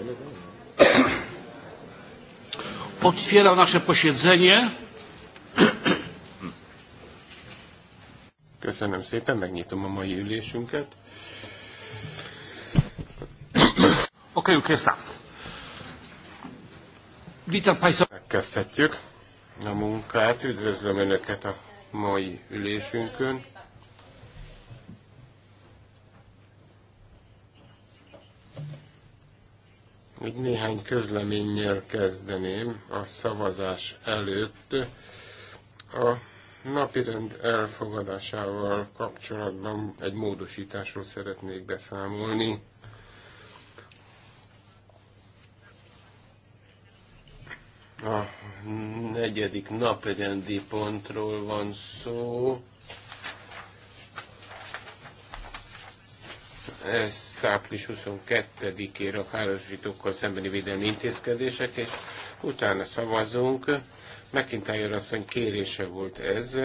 Otwieram nasze posiedzenie. Köszönöm szépen, megnyitom a mai ülésünket. Oké, okay, Vitam Państwa. Megkezdhetjük a munkát. Üdvözlöm Önöket a mai ülésünkön. Néhány közleménnyel kezdeném a szavazás előtt. A napirend elfogadásával kapcsolatban egy módosításról szeretnék beszámolni. A negyedik napirendi pontról van szó. ez április 22-ére a károsítókkal szembeni védelmi intézkedések, és utána szavazunk. McIntyre asszony kérése volt ez,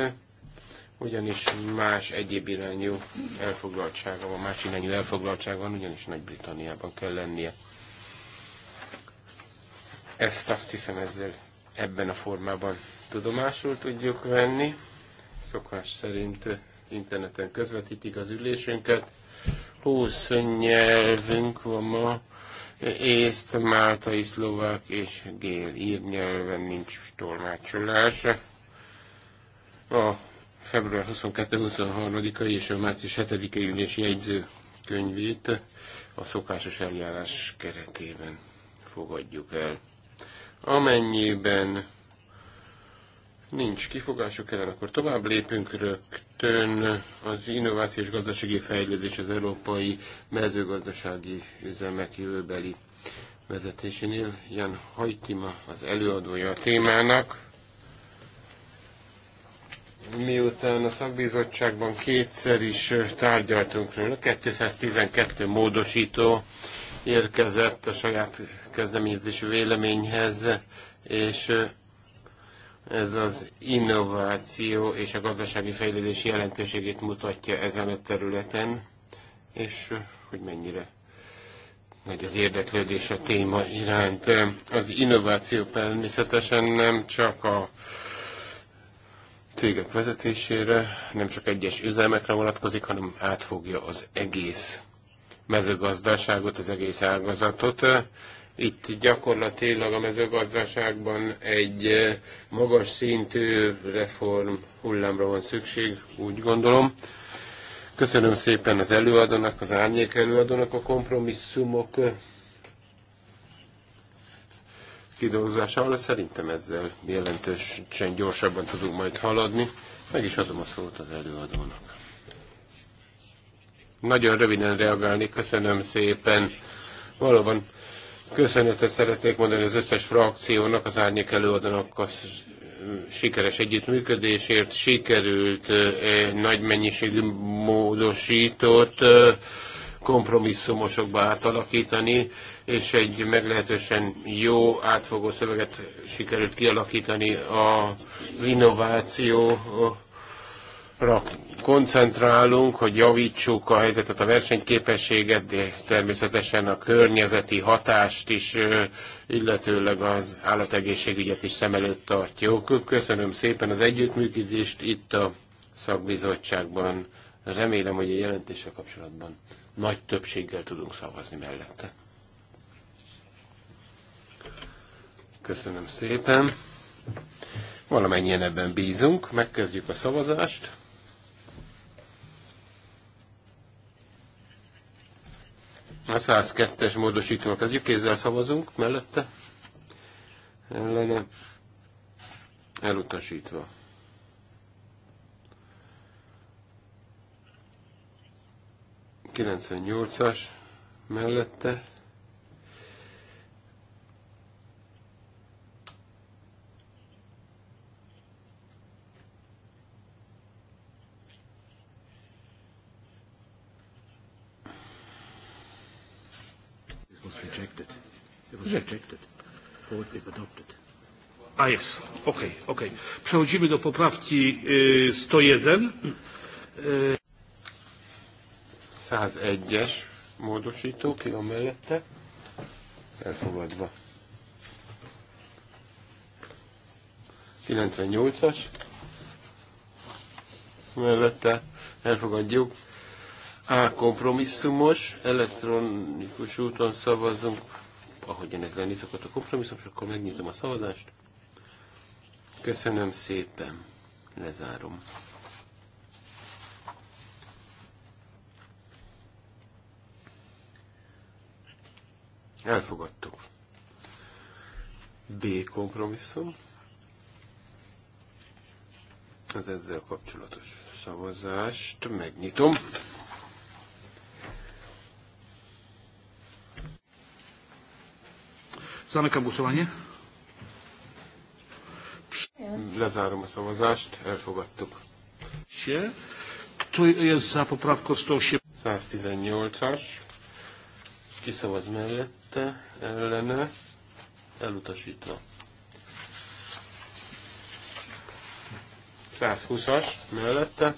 ugyanis más egyéb irányú elfoglaltsága van, más irányú elfoglaltsága van, ugyanis Nagy-Britanniában kell lennie. Ezt azt hiszem ezzel ebben a formában tudomásul tudjuk venni. Szokás szerint interneten közvetítik az ülésünket. 20 nyelvünk van ma, észt, máltai, szlovák és gél ír nyelven nincs tolmácsolás. A február 22-23-ai és a március 7-i ülés jegyzőkönyvét a szokásos eljárás keretében fogadjuk el. Amennyiben nincs kifogások ellen, akkor tovább lépünk rögtön az innovációs gazdasági fejlődés az európai mezőgazdasági üzemek jövőbeli vezetésénél. Jan Hajtima az előadója a témának. Miután a szakbizottságban kétszer is tárgyaltunk róla, 212 módosító érkezett a saját kezdeményezési véleményhez, és ez az innováció és a gazdasági fejlődés jelentőségét mutatja ezen a területen, és eh, hogy mennyire nagy az érdeklődés a téma iránt. Az innováció természetesen nem csak a cégek vezetésére, nem csak egyes üzemekre vonatkozik, hanem átfogja az egész mezőgazdaságot, az egész ágazatot. Itt gyakorlatilag a mezőgazdaságban egy eh, magas szintű reform hullámra van szükség, úgy gondolom. Köszönöm szépen az előadónak, az árnyék előadónak a kompromisszumok eh, kidolgozásával. Szerintem ezzel jelentősen gyorsabban tudunk majd haladni. Meg is adom a szót az előadónak. Nagyon röviden reagálni, köszönöm szépen. Valóban Köszönetet szeretnék mondani az összes frakciónak, az árnyék előadónak a sikeres együttműködésért. Sikerült egy nagy mennyiségű módosított kompromisszumosokba átalakítani, és egy meglehetősen jó átfogó szöveget sikerült kialakítani az innováció, koncentrálunk, hogy javítsuk a helyzetet, a versenyképességet, de természetesen a környezeti hatást is, illetőleg az állategészségügyet is szem előtt tartjuk. Köszönöm szépen az együttműködést itt a szakbizottságban. Remélem, hogy a jelentéssel kapcsolatban nagy többséggel tudunk szavazni mellette. Köszönöm szépen. Valamennyien ebben bízunk. Megkezdjük a szavazást. A 102-es módosítónak. kezdjük, kézzel szavazunk, mellette ellene elutasítva. 98-as mellette rejected. It was rejected. False if adopted. A jest, okej, okay, okej. Okay. Przechodzimy do poprawki y, 101. Y... 101-es módosító, kiló mellette. Elfogadva. 98-as. Mellette elfogadjuk. A kompromisszumos, elektronikus úton szavazunk, ahogy ennek lenni szokott a kompromisszum, és akkor megnyitom a szavazást. Köszönöm szépen, lezárom. Elfogadtuk. B kompromisszum. Az ezzel kapcsolatos szavazást megnyitom. Zamykam głosowanie. Lezárom a szavazást, elfogadtuk. Się. Kto jest za poprawką 108? 118-as. Ki szavaz mellette, ellene, elutasítva. 120-as mellette,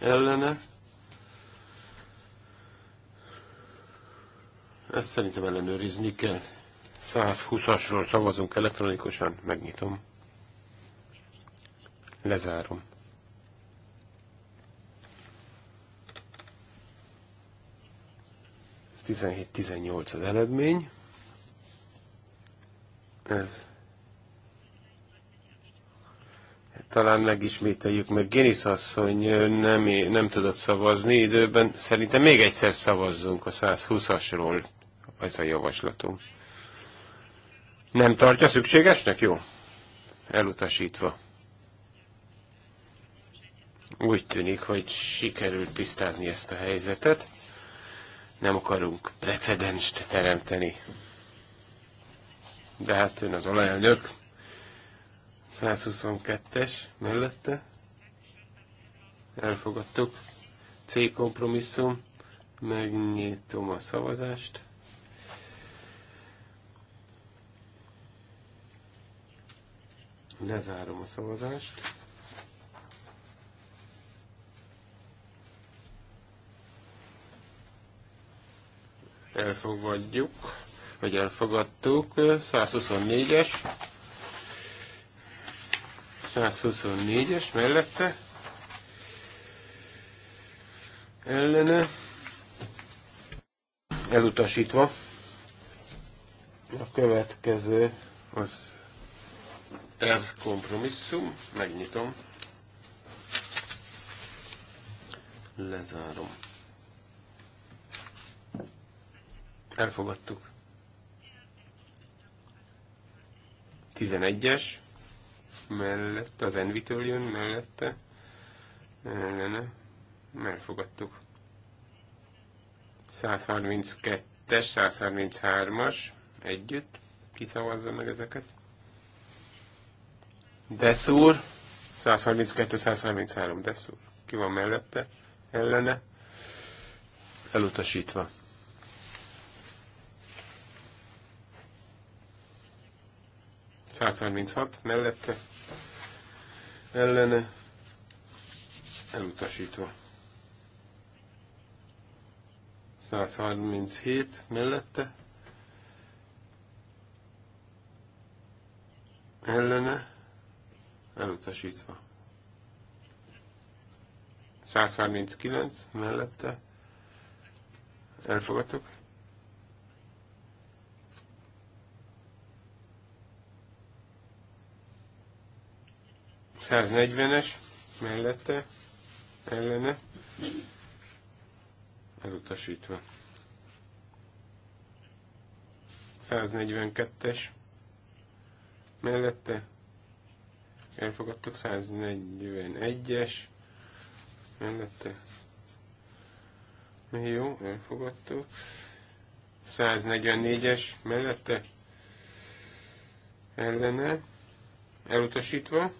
ellene. Ezt szerintem ellenőrizni kell. 120-asról szavazunk elektronikusan, megnyitom. Lezárom. Tizenhét, tizennyolc az eredmény. Ez talán megismételjük meg. Génisz asszony nem, nem tudott szavazni időben. Szerintem még egyszer szavazzunk a 120-asról. Ez a javaslatunk. Nem tartja szükségesnek? Jó. Elutasítva. Úgy tűnik, hogy sikerült tisztázni ezt a helyzetet. Nem akarunk precedenst teremteni. De hát ön az alelnök. 122-es mellette. Elfogadtuk. C kompromisszum. Megnyitom a szavazást. Lezárom a szavazást. Elfogadjuk, vagy elfogadtuk. 124-es. 124-es mellette. Ellene. Elutasítva. A következő az Er kompromisszum, megnyitom. Lezárom. Elfogadtuk. 11-es, mellette, az Envitől jön, mellette, ellene, elfogadtuk. 132-es, 133-as, együtt, kiszavazza meg ezeket. Deszúr, 132-133 Deszúr. Ki van mellette? Ellene? Elutasítva. hat mellette, ellene, elutasítva. 137 mellette, ellene, elutasítva. 139 mellette elfogadtuk. Száznegyvenes mellette ellene elutasítva. 142-es mellette elfogadtuk, 141-es mellette. Jó, elfogadtuk. 144-es mellette ellene elutasítva.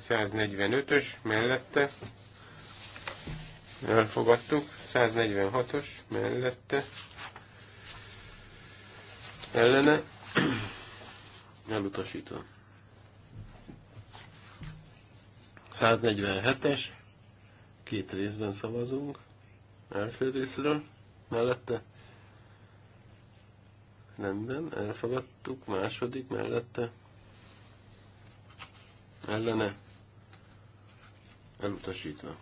145-ös mellette elfogadtuk. 146-os mellette ellene elutasítva. 147-es, két részben szavazunk, első részről, mellette, rendben, elfogadtuk, második, mellette, ellene, elutasítva.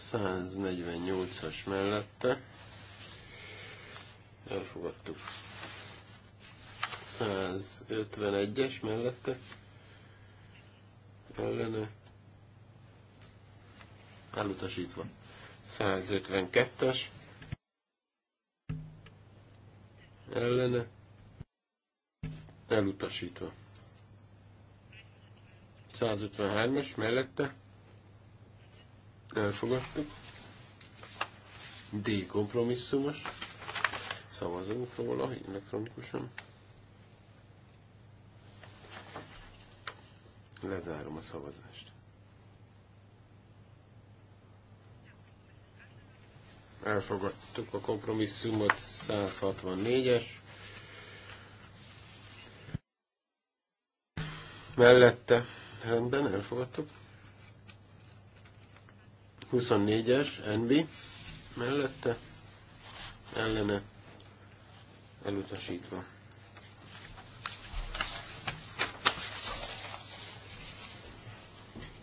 148-as mellette, elfogadtuk. 151-es mellette ellene elutasítva. 152-es ellene elutasítva. 153-es mellette elfogadtuk. D kompromisszumos. Szavazunk róla elektronikusan. Lezárom a szavazást. Elfogadtuk a kompromisszumot 164-es. Mellette rendben elfogadtuk. 24-es Envi mellette ellene elutasítva.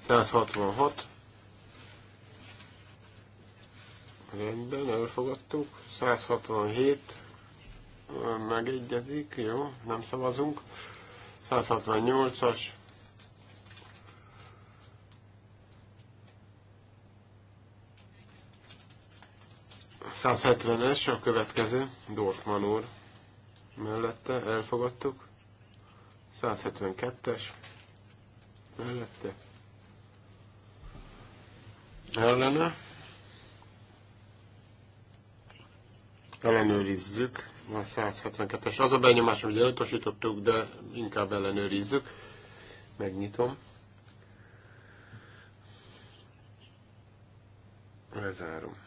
166. Rendben, elfogadtuk. 167 megegyezik, jó, nem szavazunk. 168-as. es a következő, Dorfman úr mellette, elfogadtuk. 172-es mellette, ellene. Ellenőrizzük. A 172-es. Az a benyomás, hogy elutasítottuk, de inkább ellenőrizzük. Megnyitom. Lezárom.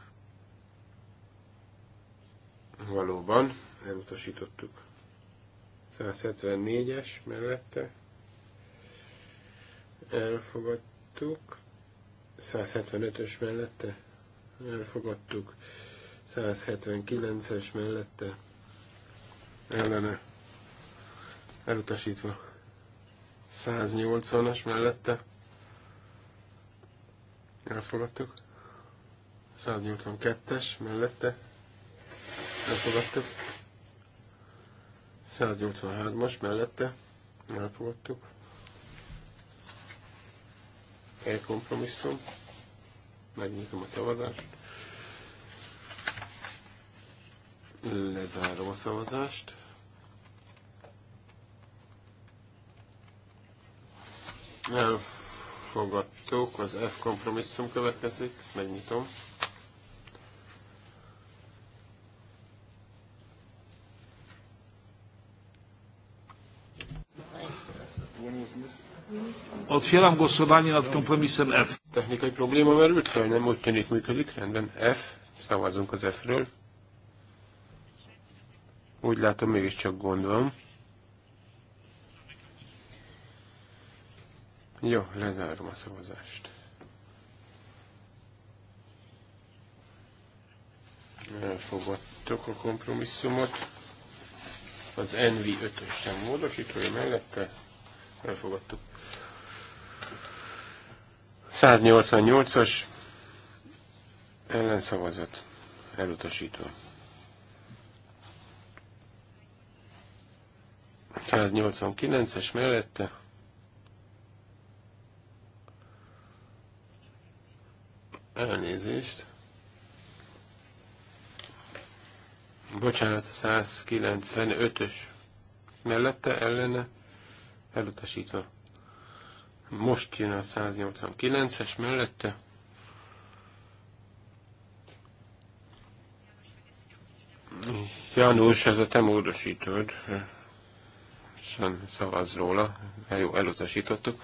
Valóban, elutasítottuk. 174-es mellette elfogadtuk. 175-ös mellette elfogadtuk, 179-es mellette ellene elutasítva, 180-as mellette elfogadtuk, 182-es mellette elfogadtuk, 183-as mellette elfogadtuk, E kompromisszum. Megnyitom a szavazást. Lezárom a szavazást. Elfogadtuk, az F kompromisszum következik, megnyitom. Otwieram głosowanie nad kompromisem F. Technikai probléma merült fel, nem úgy tűnik működik, rendben. F, szavazunk az F-ről. Úgy látom, mégiscsak gond van. Jó, lezárom a szavazást. Elfogadtok a kompromisszumot. Az NV 5-ös sem módosítója mellette elfogadtuk. 188-as ellenszavazat elutasítva. 189-es mellette elnézést bocsánat 195-ös mellette ellene elutasítva. Most jön a 189-es mellette. János, ez a te módosítod. Szavaz róla. Jó, elutasítottuk.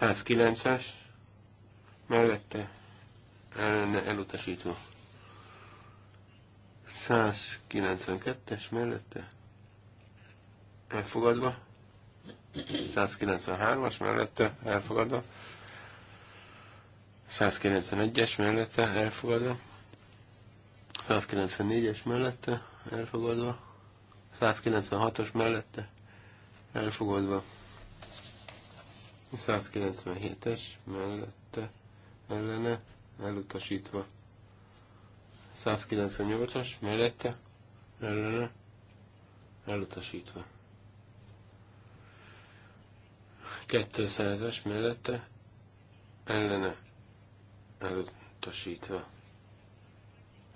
109-es. Mellette ellene elutasítva. 192-es mellette elfogadva. 193-as mellette elfogadva. 191-es mellette elfogadva. 194-es mellette elfogadva. 196-os mellette elfogadva. 197-es mellette ellene elutasítva. 198-as mellette ellene elutasítva. 200-as mellette ellene elutasítva.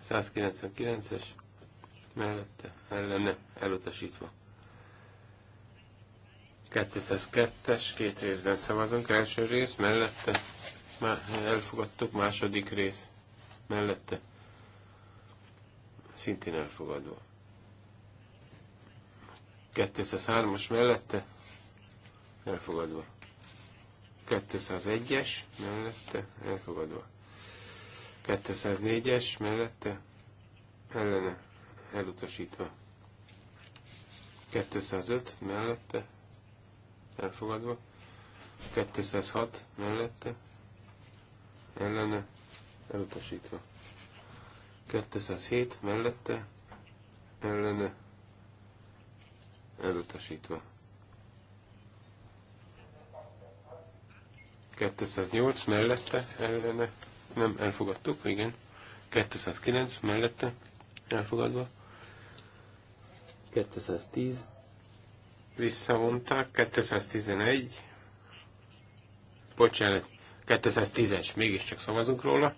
199-es mellette ellene elutasítva. 202-es, két részben szavazunk, első rész mellette, elfogadtuk, második rész mellette, szintén elfogadva. 203-as mellette, elfogadva. 201-es mellette elfogadva. 204-es mellette ellene elutasítva. 205 mellette elfogadva. 206 mellette ellene elutasítva. 207 mellette ellene elutasítva. 208 mellette ellene, nem elfogadtuk, igen. 209 mellette elfogadva. 210 visszavonták, 211 bocsánat, 210-es, mégiscsak szavazunk róla.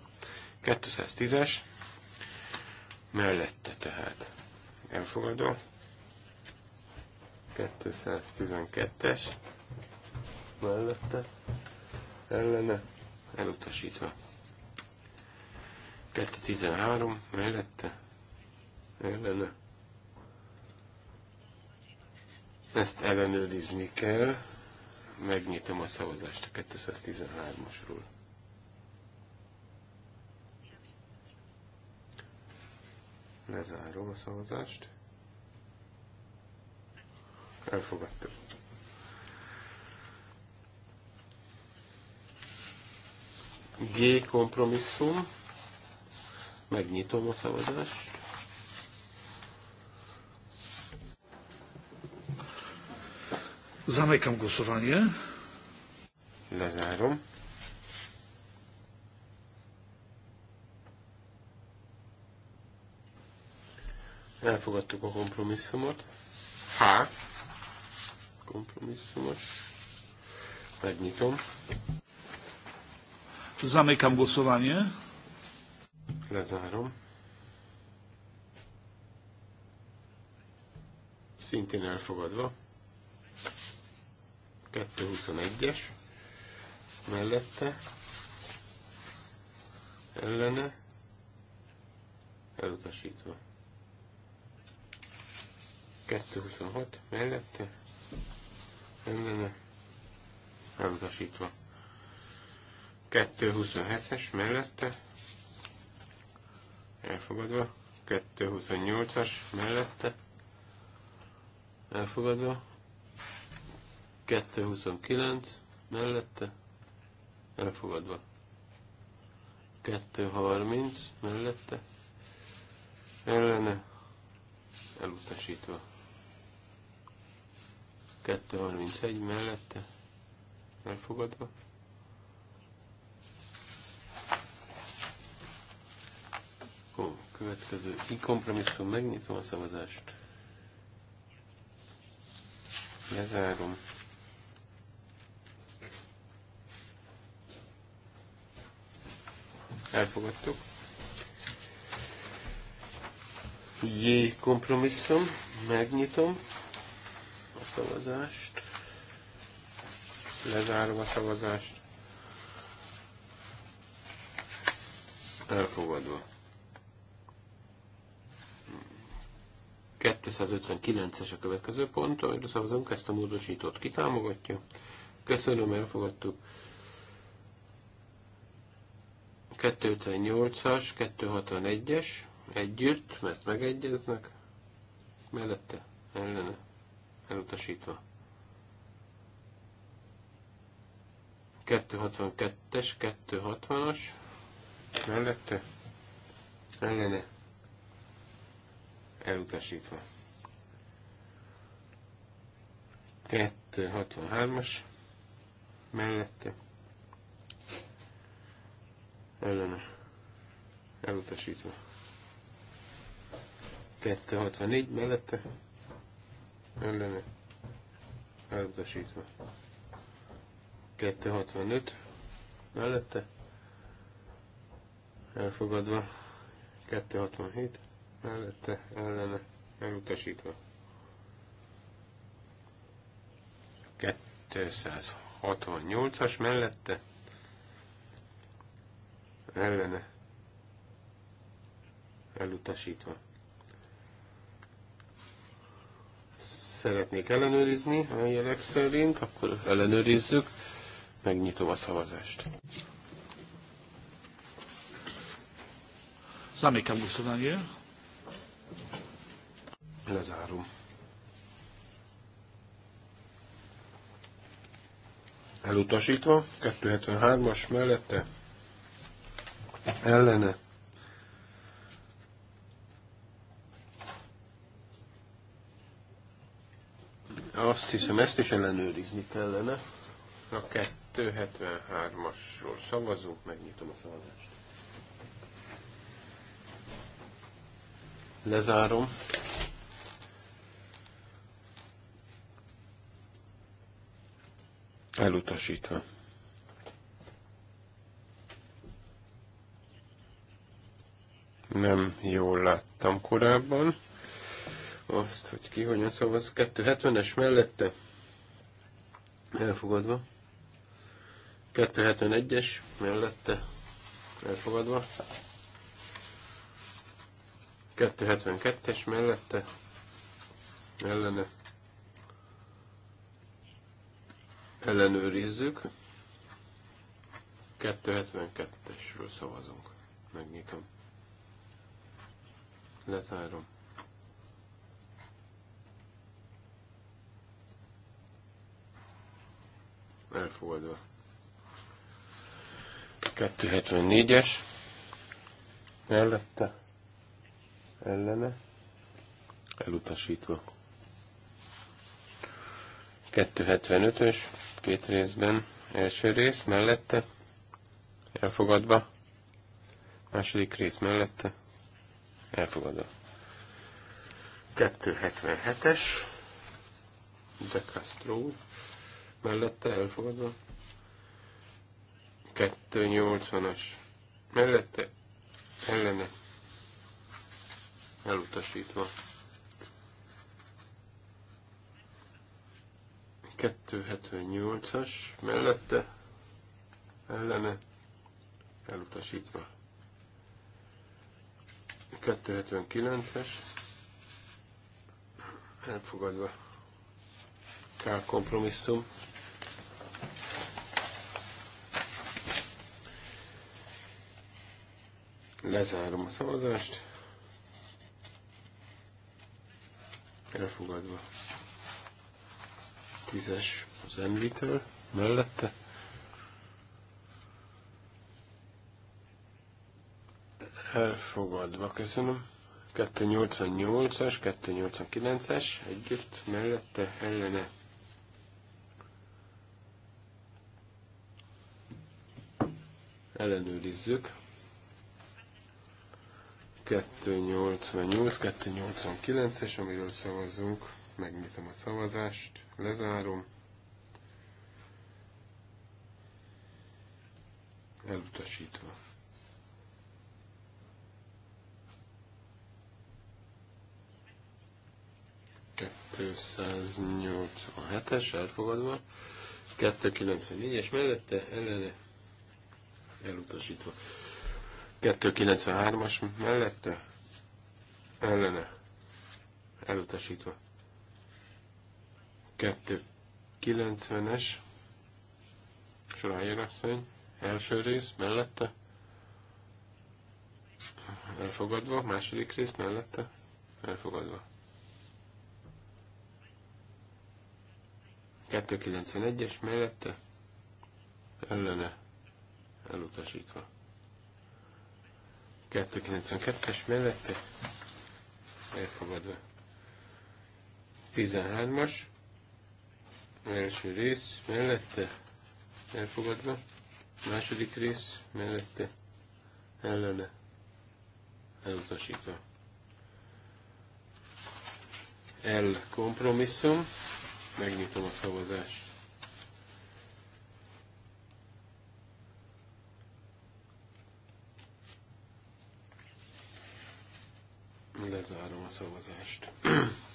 210-es mellette tehát elfogadó. 212-es mellette ellene elutasítva. 213 mellette ellene. Ezt ellenőrizni kell. Megnyitom a szavazást a 213-asról. Lezárom a szavazást. Elfogadtam. G kompromisszum. Megnyitom a szavazást. Zamykam głosowanie. Lezárom. Elfogadtuk a kompromisszumot. H. Kompromisszumos. Megnyitom. Zamykam głosowanie. Lezárom. Szintén elfogadva. 221-es mellette ellene elutasítva. 226 mellette ellene elutasítva. 227-es mellette elfogadva, 228-as mellette elfogadva, 229 mellette elfogadva, 230 mellette ellene elutasítva, 231 mellette elfogadva, Következő i kompromisszum, megnyitom a szavazást. Lezárom. Elfogadtuk. J kompromisszum, megnyitom a szavazást. Lezárom a szavazást. Elfogadva. 259-es a következő pont, amire szavazunk, ezt a módosítót kitámogatja. Köszönöm, elfogadtuk. 258-as, 261-es együtt, mert megegyeznek, mellette, ellene, elutasítva. 262-es, 260-as, mellette, ellene, elutasítva. 263-as mellette ellene elutasítva. 264 mellette ellene elutasítva. 265 mellette elfogadva. 267 mellette ellene elutasítva. 268-as mellette ellene elutasítva. Szeretnék ellenőrizni a jelek szerint, akkor ellenőrizzük, megnyitom a szavazást. Zamykam głosowanie. Lezárom. elutasítva, 273-as mellette ellene Azt hiszem, ezt is ellenőrizni kellene. A 273-asról szavazunk, megnyitom a szavazást. Lezárom. Elutasítva. Nem jól láttam korábban azt, hogy ki hogyan szavaz. 270-es mellette elfogadva. 271-es mellette elfogadva. 272-es mellette ellene ellenőrizzük. 272-esről szavazunk. Megnyitom. Lezárom. Elfogadva. 274-es. Mellette. Ellene. Elutasítva. 275-ös két részben. Első rész mellette, elfogadva. Második rész mellette, elfogadva. 277-es, De Castro mellette elfogadva. 280-as, mellette, ellene, elutasítva. 278-as mellette ellene elutasítva. 279-es elfogadva. Kár kompromisszum. Lezárom a szavazást. Elfogadva tízes az envitől, mellette. Elfogadva, köszönöm. 288-as, 289-es, együtt, mellette, ellene. Ellenőrizzük. 288, 289-es, amiről szavazzunk megnyitom a szavazást, lezárom, elutasítva. a es elfogadva, 294-es mellette ellene elutasítva. 293-as mellette ellene elutasítva. 290-es, Schreier asszony, első rész mellette, elfogadva, második rész mellette, elfogadva. 291-es mellette, ellene, elutasítva. 292-es mellette, elfogadva. 13-as Első rész mellette elfogadva. Második rész mellette ellene elutasítva. El kompromisszum. Megnyitom a szavazást. Lezárom a szavazást.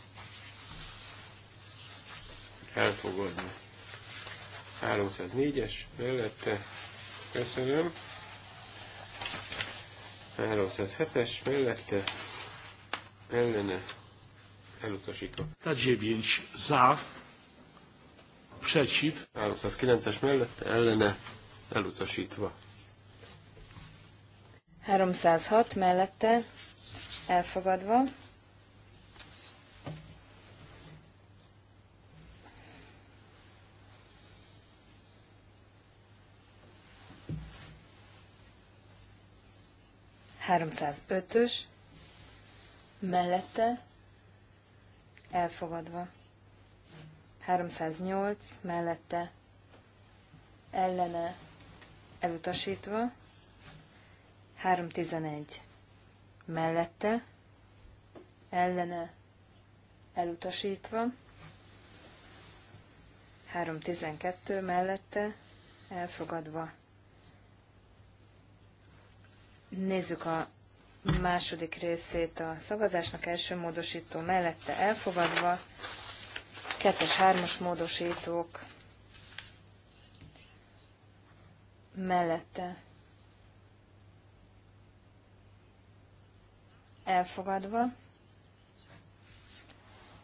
elfogadni. 304-es mellette köszönöm. 307-es mellette ellene elutasítva. Ta 9 za, przeciw. 309-es mellette ellene elutasítva. 306 mellette elfogadva. 305-ös mellette elfogadva. 308 mellette ellene elutasítva. 311 mellette ellene elutasítva. 312 mellette elfogadva. Nézzük a második részét a szavazásnak. Első módosító mellette elfogadva. Kettes, hármas módosítók mellette elfogadva.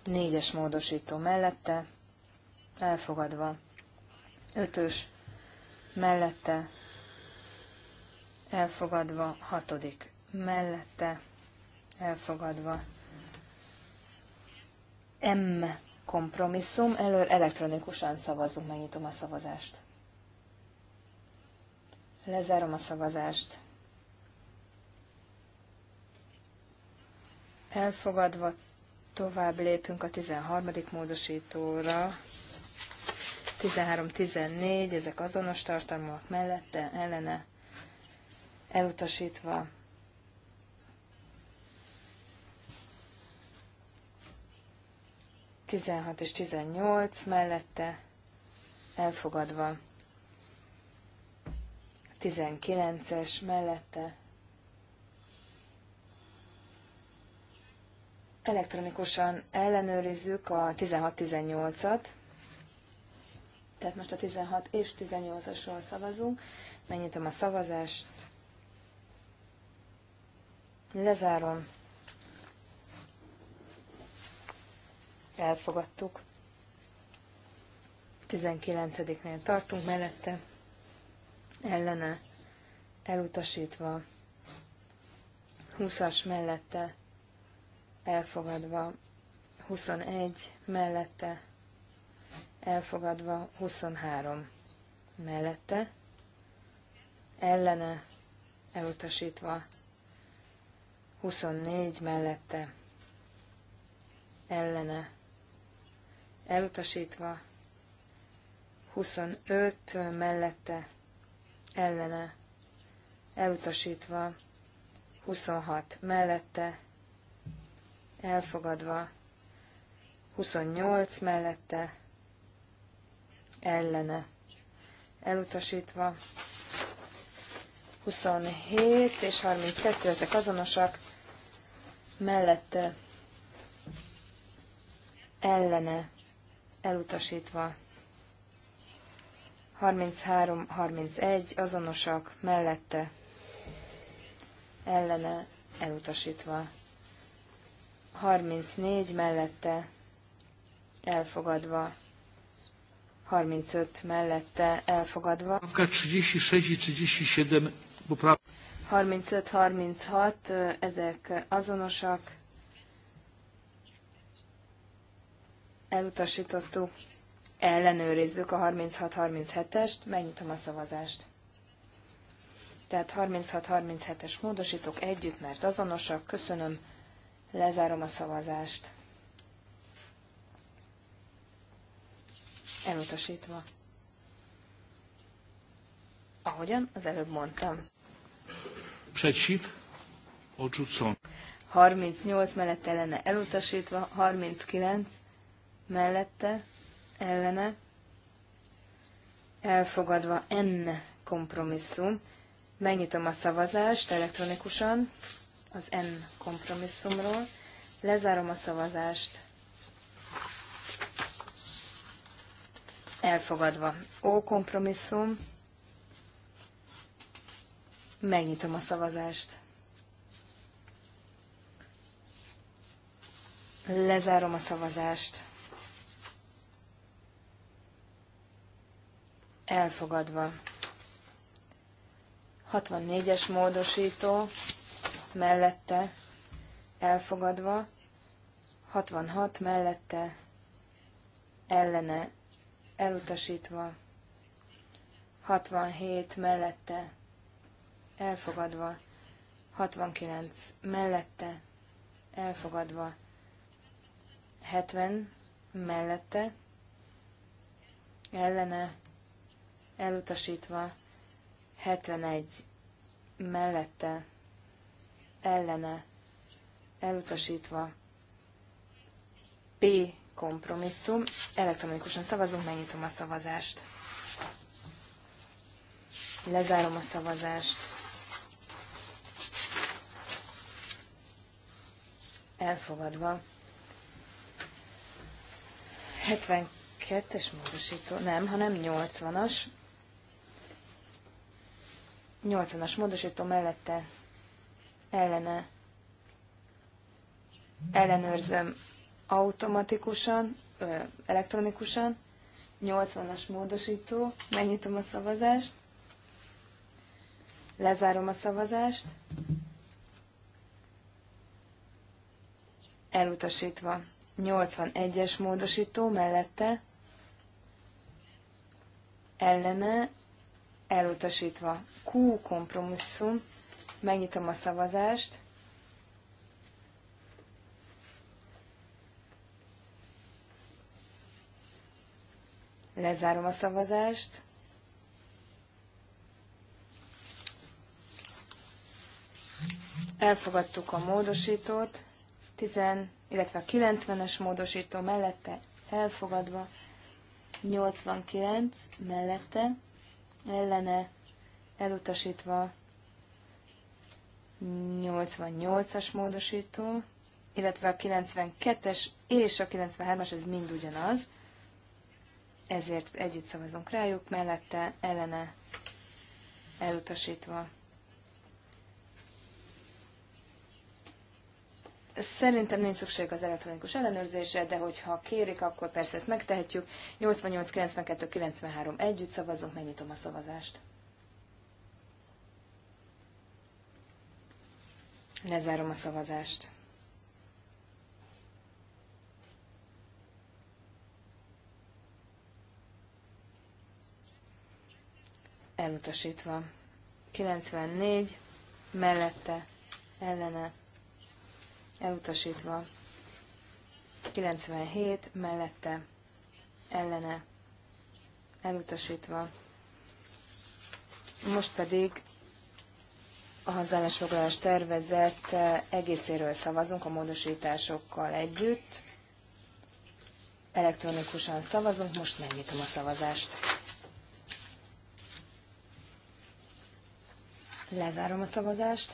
Négyes módosító mellette elfogadva. Ötös mellette elfogadva, hatodik mellette, elfogadva. M kompromisszum, előre elektronikusan szavazunk, megnyitom a szavazást. Lezárom a szavazást. Elfogadva tovább lépünk a 13. módosítóra. 13-14, ezek azonos tartalmak mellette, ellene elutasítva. Tizenhat és tizennyolc mellette elfogadva. Tizenkilences mellette elektronikusan ellenőrizzük a 16-18-at, tehát most a 16 és 18-asról szavazunk. Megnyitom a szavazást. Lezárom. Elfogadtuk. 19-nél tartunk mellette. Ellene. Elutasítva. 20-as mellette. Elfogadva. 21 mellette. Elfogadva. 23 mellette. Ellene. Elutasítva. 24 mellette ellene elutasítva, 25 mellette ellene elutasítva, 26 mellette elfogadva, 28 mellette ellene elutasítva, 27 és 32 ezek azonosak mellette ellene elutasítva 33-31 azonosak mellette ellene elutasítva 34 mellette elfogadva 35 mellette elfogadva. 36 37 35-36, ezek azonosak. Elutasítottuk. Ellenőrizzük a 36-37-est, megnyitom a szavazást. Tehát 36-37-es módosítok együtt, mert azonosak. Köszönöm, lezárom a szavazást. Elutasítva. Ahogyan az előbb mondtam. Przeciw. Odrzucony. 38 mellett ellene elutasítva, 39 mellette ellene elfogadva enne kompromisszum. Megnyitom a szavazást elektronikusan az N kompromisszumról. Lezárom a szavazást. Elfogadva. O kompromisszum Megnyitom a szavazást. Lezárom a szavazást. Elfogadva. 64-es módosító mellette elfogadva, 66 mellette ellene elutasítva, 67 mellette elfogadva, 69 mellette, elfogadva, 70 mellette, ellene, elutasítva, 71 mellette, ellene, elutasítva, P kompromisszum. Elektronikusan szavazunk, megnyitom a szavazást. Lezárom a szavazást. elfogadva. 72-es módosító, nem, hanem 80-as. 80-as módosító mellette ellene ellenőrzöm automatikusan, elektronikusan. 80-as módosító, megnyitom a szavazást, lezárom a szavazást. elutasítva. 81-es módosító mellette ellene elutasítva. Q kompromisszum, megnyitom a szavazást. Lezárom a szavazást. Elfogadtuk a módosítót. 10, illetve a 90-es módosító mellette elfogadva, 89 mellette ellene elutasítva 88-as módosító, illetve a 92-es és a 93-as, ez mind ugyanaz, ezért együtt szavazunk rájuk, mellette ellene elutasítva Szerintem nincs szükség az elektronikus ellenőrzésre, de hogyha kérik, akkor persze ezt megtehetjük. 88, 92, 93 együtt szavazunk, megnyitom a szavazást. Lezárom a szavazást. Elutasítva. 94 mellette ellene elutasítva. 97 mellette ellene elutasítva. Most pedig a hazállásfoglalás tervezett egészéről szavazunk a módosításokkal együtt. Elektronikusan szavazunk, most megnyitom a szavazást. Lezárom a szavazást.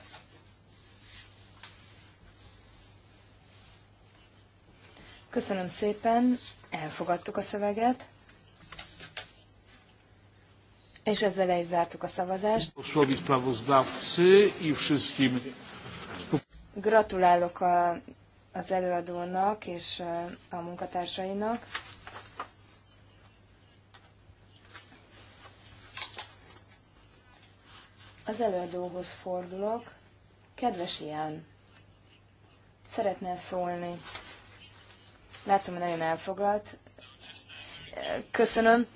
Köszönöm szépen, elfogadtuk a szöveget. És ezzel is zártuk a szavazást. Gratulálok a, az előadónak és e, a munkatársainak. Az előadóhoz fordulok. Kedves Ján, szeretnél szólni? Látom, hogy nagyon elfoglalt. Köszönöm.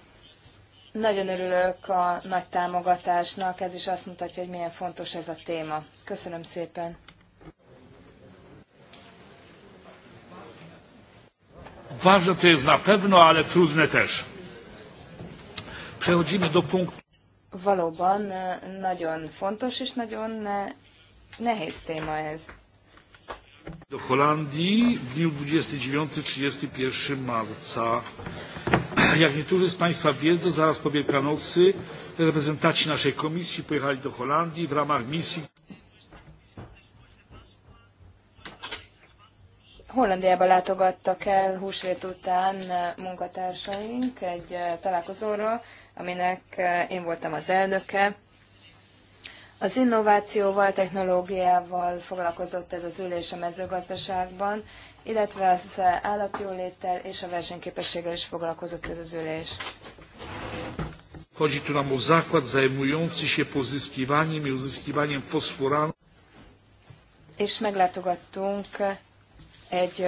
Nagyon örülök a nagy támogatásnak, ez is azt mutatja, hogy milyen fontos ez a téma. Köszönöm szépen. Ważne to jest na pewno, ale trudne też. Przechodzimy do punktu. Valóban e, nagyon fontos és nagyon e, nehéz téma ez. Do Holandii w dniu 29-31 marca. Jak niektórzy z Państwa wiedzą, zaraz po Wielkanocy reprezentanci naszej komisji pojechali do Holandii w ramach misji. Hollandiába látogattak el húsvét után munkatársaink egy találkozóra, aminek én voltam az elnöke. Az innovációval, technológiával foglalkozott ez az ülés a mezőgazdaságban, illetve az állatjóléttel és a versenyképességgel is foglalkozott ez az ülés. Chodzi tu nam o zakład zajmujący się pozyskiwaniem i uzyskiwaniem fosforanu. És meglátogattunk egy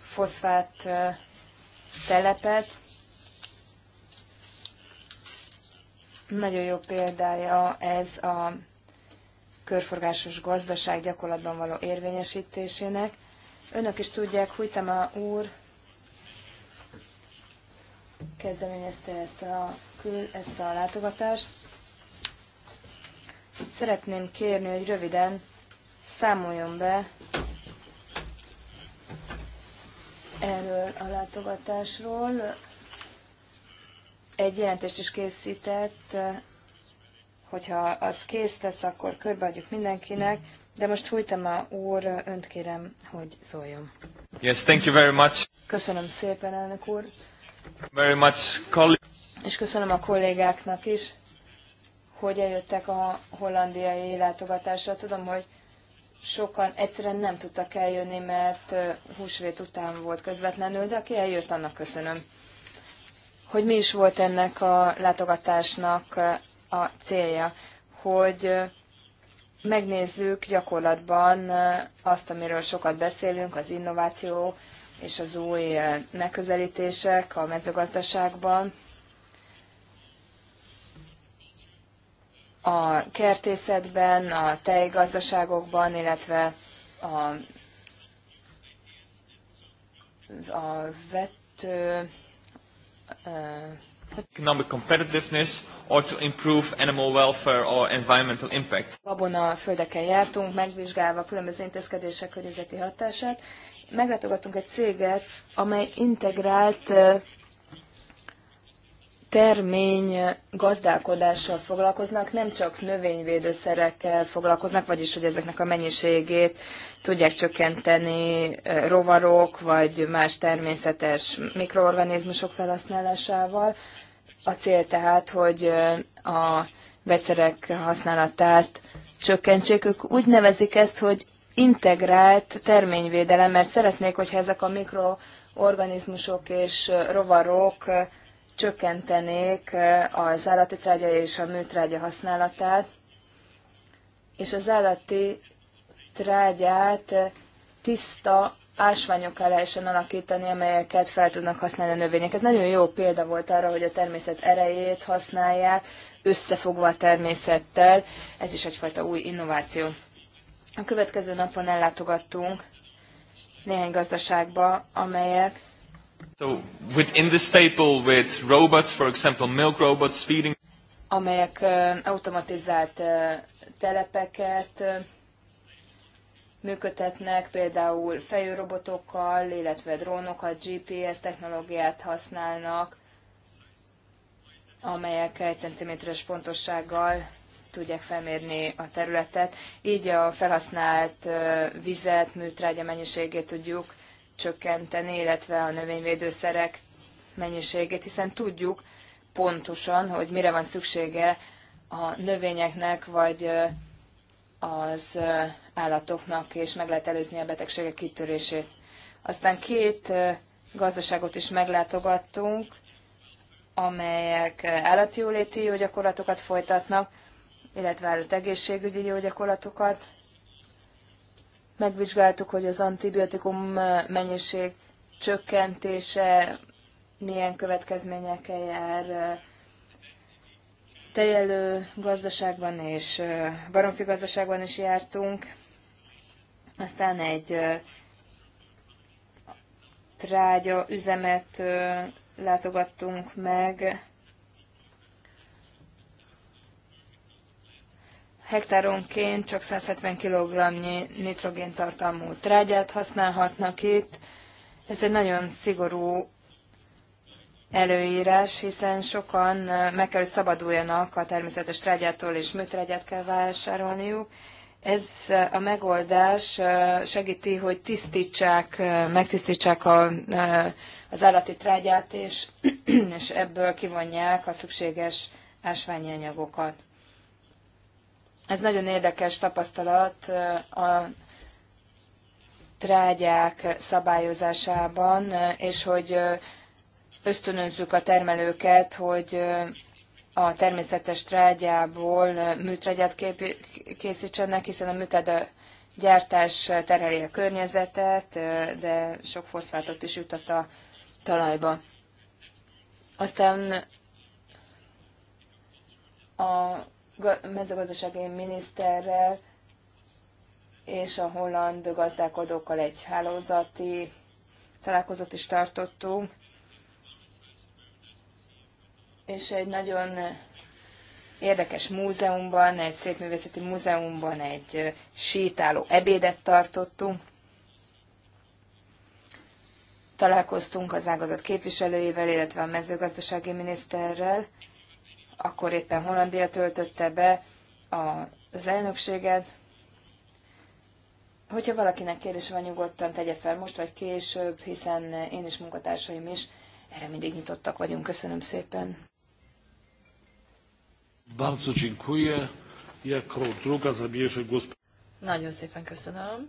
foszfát telepet. Nagyon jó példája ez a körforgásos gazdaság gyakorlatban való érvényesítésének. Önök is tudják, Hújtama úr kezdeményezte ezt a, ezt a látogatást. Szeretném kérni, hogy röviden számoljon be erről a látogatásról. Egy jelentést is készített hogyha az kész lesz, akkor körbeadjuk mindenkinek, de most a úr, önt kérem, hogy szóljon. Yes, thank you very much. Köszönöm szépen, elnök úr. Very much, És köszönöm a kollégáknak is, hogy eljöttek a hollandiai látogatásra. Tudom, hogy sokan egyszerűen nem tudtak eljönni, mert húsvét után volt közvetlenül, de aki eljött, annak köszönöm. Hogy mi is volt ennek a látogatásnak a célja, hogy megnézzük gyakorlatban azt, amiről sokat beszélünk, az innováció és az új megközelítések a mezőgazdaságban, a kertészetben, a tejgazdaságokban, illetve a, a vett Economic competitiveness or to improve animal welfare or environmental impact. Gabona földeken jártunk, megvizsgálva különböző intézkedések környezeti hatását. Meglátogattunk egy céget, amely integrált termény gazdálkodással foglalkoznak, nem csak növényvédőszerekkel foglalkoznak, vagyis hogy ezeknek a mennyiségét tudják csökkenteni rovarok vagy más természetes mikroorganizmusok felhasználásával, a cél tehát, hogy a vegyszerek használatát csökkentsék. Ők úgy nevezik ezt, hogy integrált terményvédelem, mert szeretnék, hogyha ezek a mikroorganizmusok és rovarok csökkentenék az állati trágya és a műtrágya használatát, és az állati trágyát tiszta ásványokkal lehessen alakítani, amelyeket fel tudnak használni a növények. Ez nagyon jó példa volt arra, hogy a természet erejét használják, összefogva a természettel. Ez is egyfajta új innováció. A következő napon ellátogattunk néhány gazdaságba, amelyek So within the staple with robots, for example milk robots feeding amelyek automatizált telepeket működtetnek, például fejőrobotokkal, illetve drónokat, GPS technológiát használnak, amelyek egy centiméteres pontossággal tudják felmérni a területet. Így a felhasznált vizet, műtrágya mennyiségét tudjuk csökkenteni, illetve a növényvédőszerek mennyiségét, hiszen tudjuk pontosan, hogy mire van szüksége a növényeknek, vagy az állatoknak, és meg lehet előzni a betegségek kitörését. Aztán két gazdaságot is meglátogattunk, amelyek állatjóléti jó gyakorlatokat folytatnak, illetve egészségügyi jó gyakorlatokat. Megvizsgáltuk, hogy az antibiotikum mennyiség csökkentése milyen következményekkel jár tejelő gazdaságban és baromfi gazdaságban is jártunk. Aztán egy trágya üzemet látogattunk meg. Hektáronként csak 170 kg nitrogén tartalmú trágyát használhatnak itt. Ez egy nagyon szigorú előírás, hiszen sokan meg kell, hogy szabaduljanak a természetes trágyától, és műtrágyát kell vásárolniuk. Ez a megoldás segíti, hogy tisztítsák, megtisztítsák a, az állati trágyát, és, és ebből kivonják a szükséges ásványi anyagokat. Ez nagyon érdekes tapasztalat a trágyák szabályozásában, és hogy ösztönözzük a termelőket, hogy a természetes trágyából műtrágyát készítsenek, hiszen a műtrágya gyártás terheli a környezetet, de sok foszfátot is jutott a talajba. Aztán a mezőgazdasági miniszterrel és a holland gazdálkodókkal egy hálózati találkozót is tartottunk, és egy nagyon érdekes múzeumban, egy szép művészeti múzeumban egy sétáló ebédet tartottunk. Találkoztunk az ágazat képviselőjével, illetve a mezőgazdasági miniszterrel. Akkor éppen Hollandia töltötte be az elnökséget. Hogyha valakinek kérdés van, nyugodtan tegye fel most vagy később, hiszen én és munkatársaim is erre mindig nyitottak vagyunk. Köszönöm szépen! Bardzo dziękuję. Jako druga zabierze głos... Nagyon szépen köszönöm.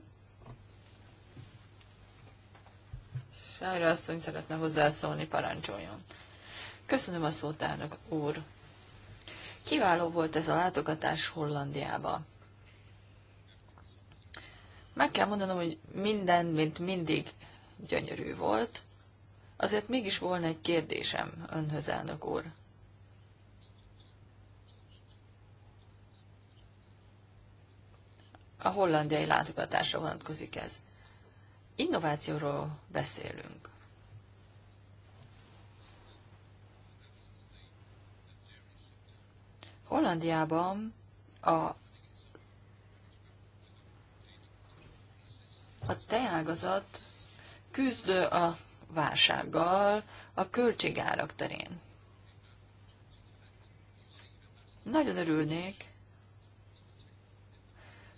Sára asszony szeretne hozzászólni, parancsoljon. Köszönöm a szót, elnök úr. Kiváló volt ez a látogatás Hollandiába. Meg kell mondanom, hogy minden, mint mindig, gyönyörű volt. Azért mégis volna egy kérdésem önhöz, elnök úr. a hollandiai látogatásra vonatkozik ez. Innovációról beszélünk. Hollandiában a, a teágazat küzd a válsággal a költségárak terén. Nagyon örülnék,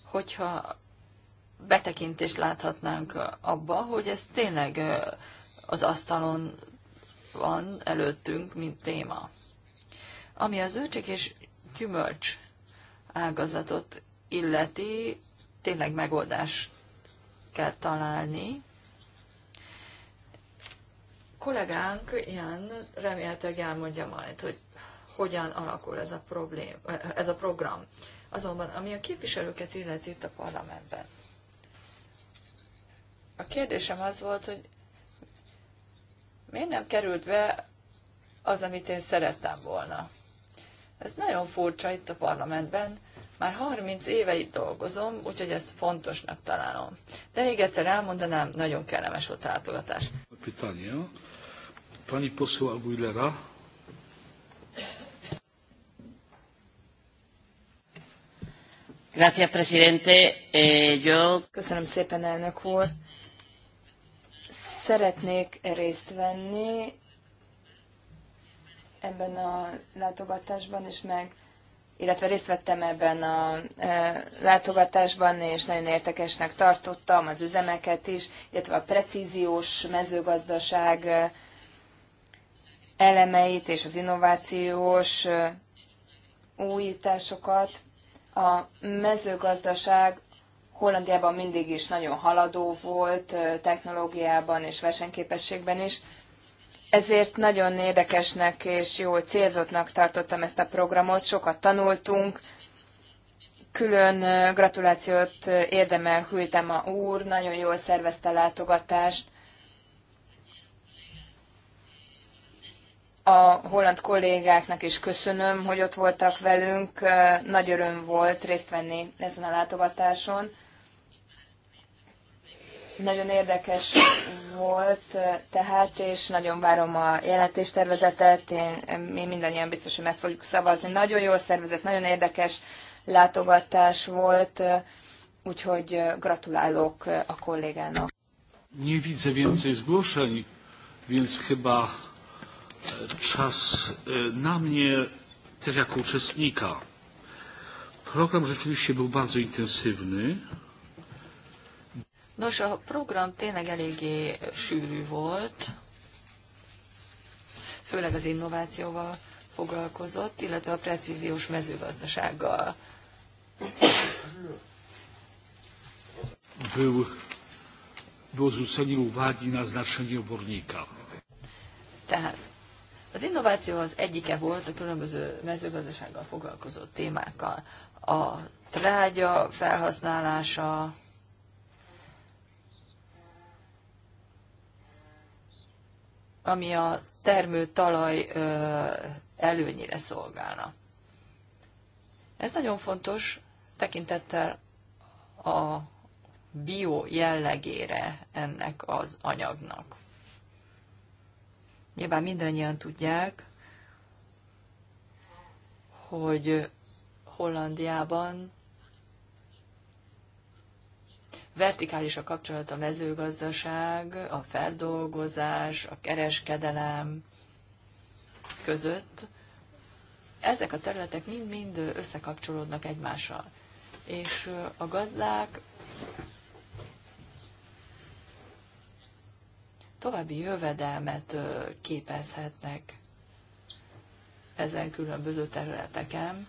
hogyha betekintést láthatnánk abba, hogy ez tényleg az asztalon van előttünk, mint téma. Ami az őcsik és gyümölcs ágazatot illeti, tényleg megoldást kell találni. Kollégánk ilyen remélhetőleg elmondja majd, hogy hogyan alakul ez a, problém, ez a program. Azonban, ami a képviselőket illeti itt a parlamentben. A kérdésem az volt, hogy miért nem került be az, amit én szerettem volna. Ez nagyon furcsa itt a parlamentben. Már 30 éve itt dolgozom, úgyhogy ez fontosnak találom. De még egyszer elmondanám, nagyon kellemes volt a látogatás. Pytanie. Pani poszó Aguilera. Gracias, presidente. Eh, yo... Köszönöm szépen, elnök úr. Szeretnék részt venni ebben a látogatásban, és meg, illetve részt vettem ebben a e, látogatásban, és nagyon értekesnek tartottam az üzemeket is, illetve a precíziós mezőgazdaság eh, elemeit és az innovációs eh, újításokat. A mezőgazdaság Hollandiában mindig is nagyon haladó volt, technológiában és versenyképességben is. Ezért nagyon érdekesnek és jól célzottnak tartottam ezt a programot, sokat tanultunk, külön gratulációt érdemel a úr, nagyon jól szervezte a látogatást, a holland kollégáknak is köszönöm, hogy ott voltak velünk. Nagy öröm volt részt venni ezen a látogatáson. Nagyon érdekes volt tehát, és nagyon várom a jelentéstervezetet. Én, mi mindannyian biztos, hogy meg fogjuk szavazni. Nagyon jól szervezett, nagyon érdekes látogatás volt, úgyhogy gratulálok a kollégának. Nie widzę więcej zgłoszeń, więc chyba czas na mnie też jako uczestnika. Program rzeczywiście był bardzo intensywny. Nos, a program tényleg eléggé sűrű volt, főleg az innovációval foglalkozott, illetve a precíziós mezőgazdasággal. Był, było zwrócenie uwagi na znaczenie obornika. Tehát az innováció az egyike volt a különböző mezőgazdasággal foglalkozó témákkal. A trágya felhasználása, ami a termő talaj előnyére szolgálna. Ez nagyon fontos tekintettel a bio jellegére ennek az anyagnak. Nyilván mindannyian tudják, hogy Hollandiában vertikális a kapcsolat a mezőgazdaság, a feldolgozás, a kereskedelem között. Ezek a területek mind-mind összekapcsolódnak egymással. És a gazdák további jövedelmet képezhetnek ezen különböző területeken.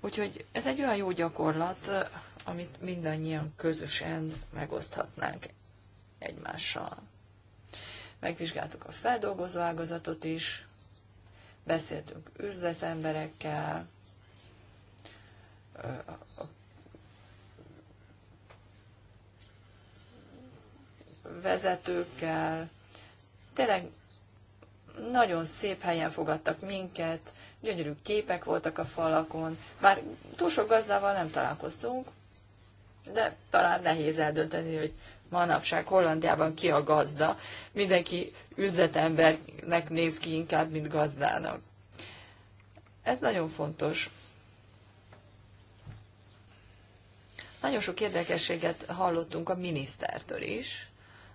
Úgyhogy ez egy olyan jó gyakorlat, amit mindannyian közösen megoszthatnánk egymással. Megvizsgáltuk a feldolgozó ágazatot is, beszéltünk üzletemberekkel, a vezetőkkel. Tényleg nagyon szép helyen fogadtak minket, gyönyörű képek voltak a falakon, bár túl sok gazdával nem találkoztunk, de talán nehéz eldönteni, hogy manapság Hollandiában ki a gazda. Mindenki üzletembernek néz ki inkább, mint gazdának. Ez nagyon fontos. Nagyon sok érdekességet hallottunk a minisztertől is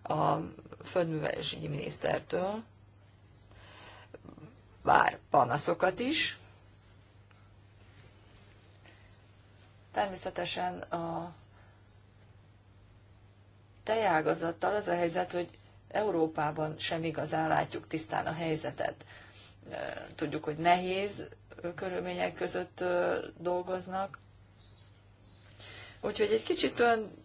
a földművelési minisztertől, bár panaszokat is. Természetesen a tejágazattal az a helyzet, hogy Európában sem igazán látjuk tisztán a helyzetet. Tudjuk, hogy nehéz körülmények között dolgoznak. Úgyhogy egy kicsit olyan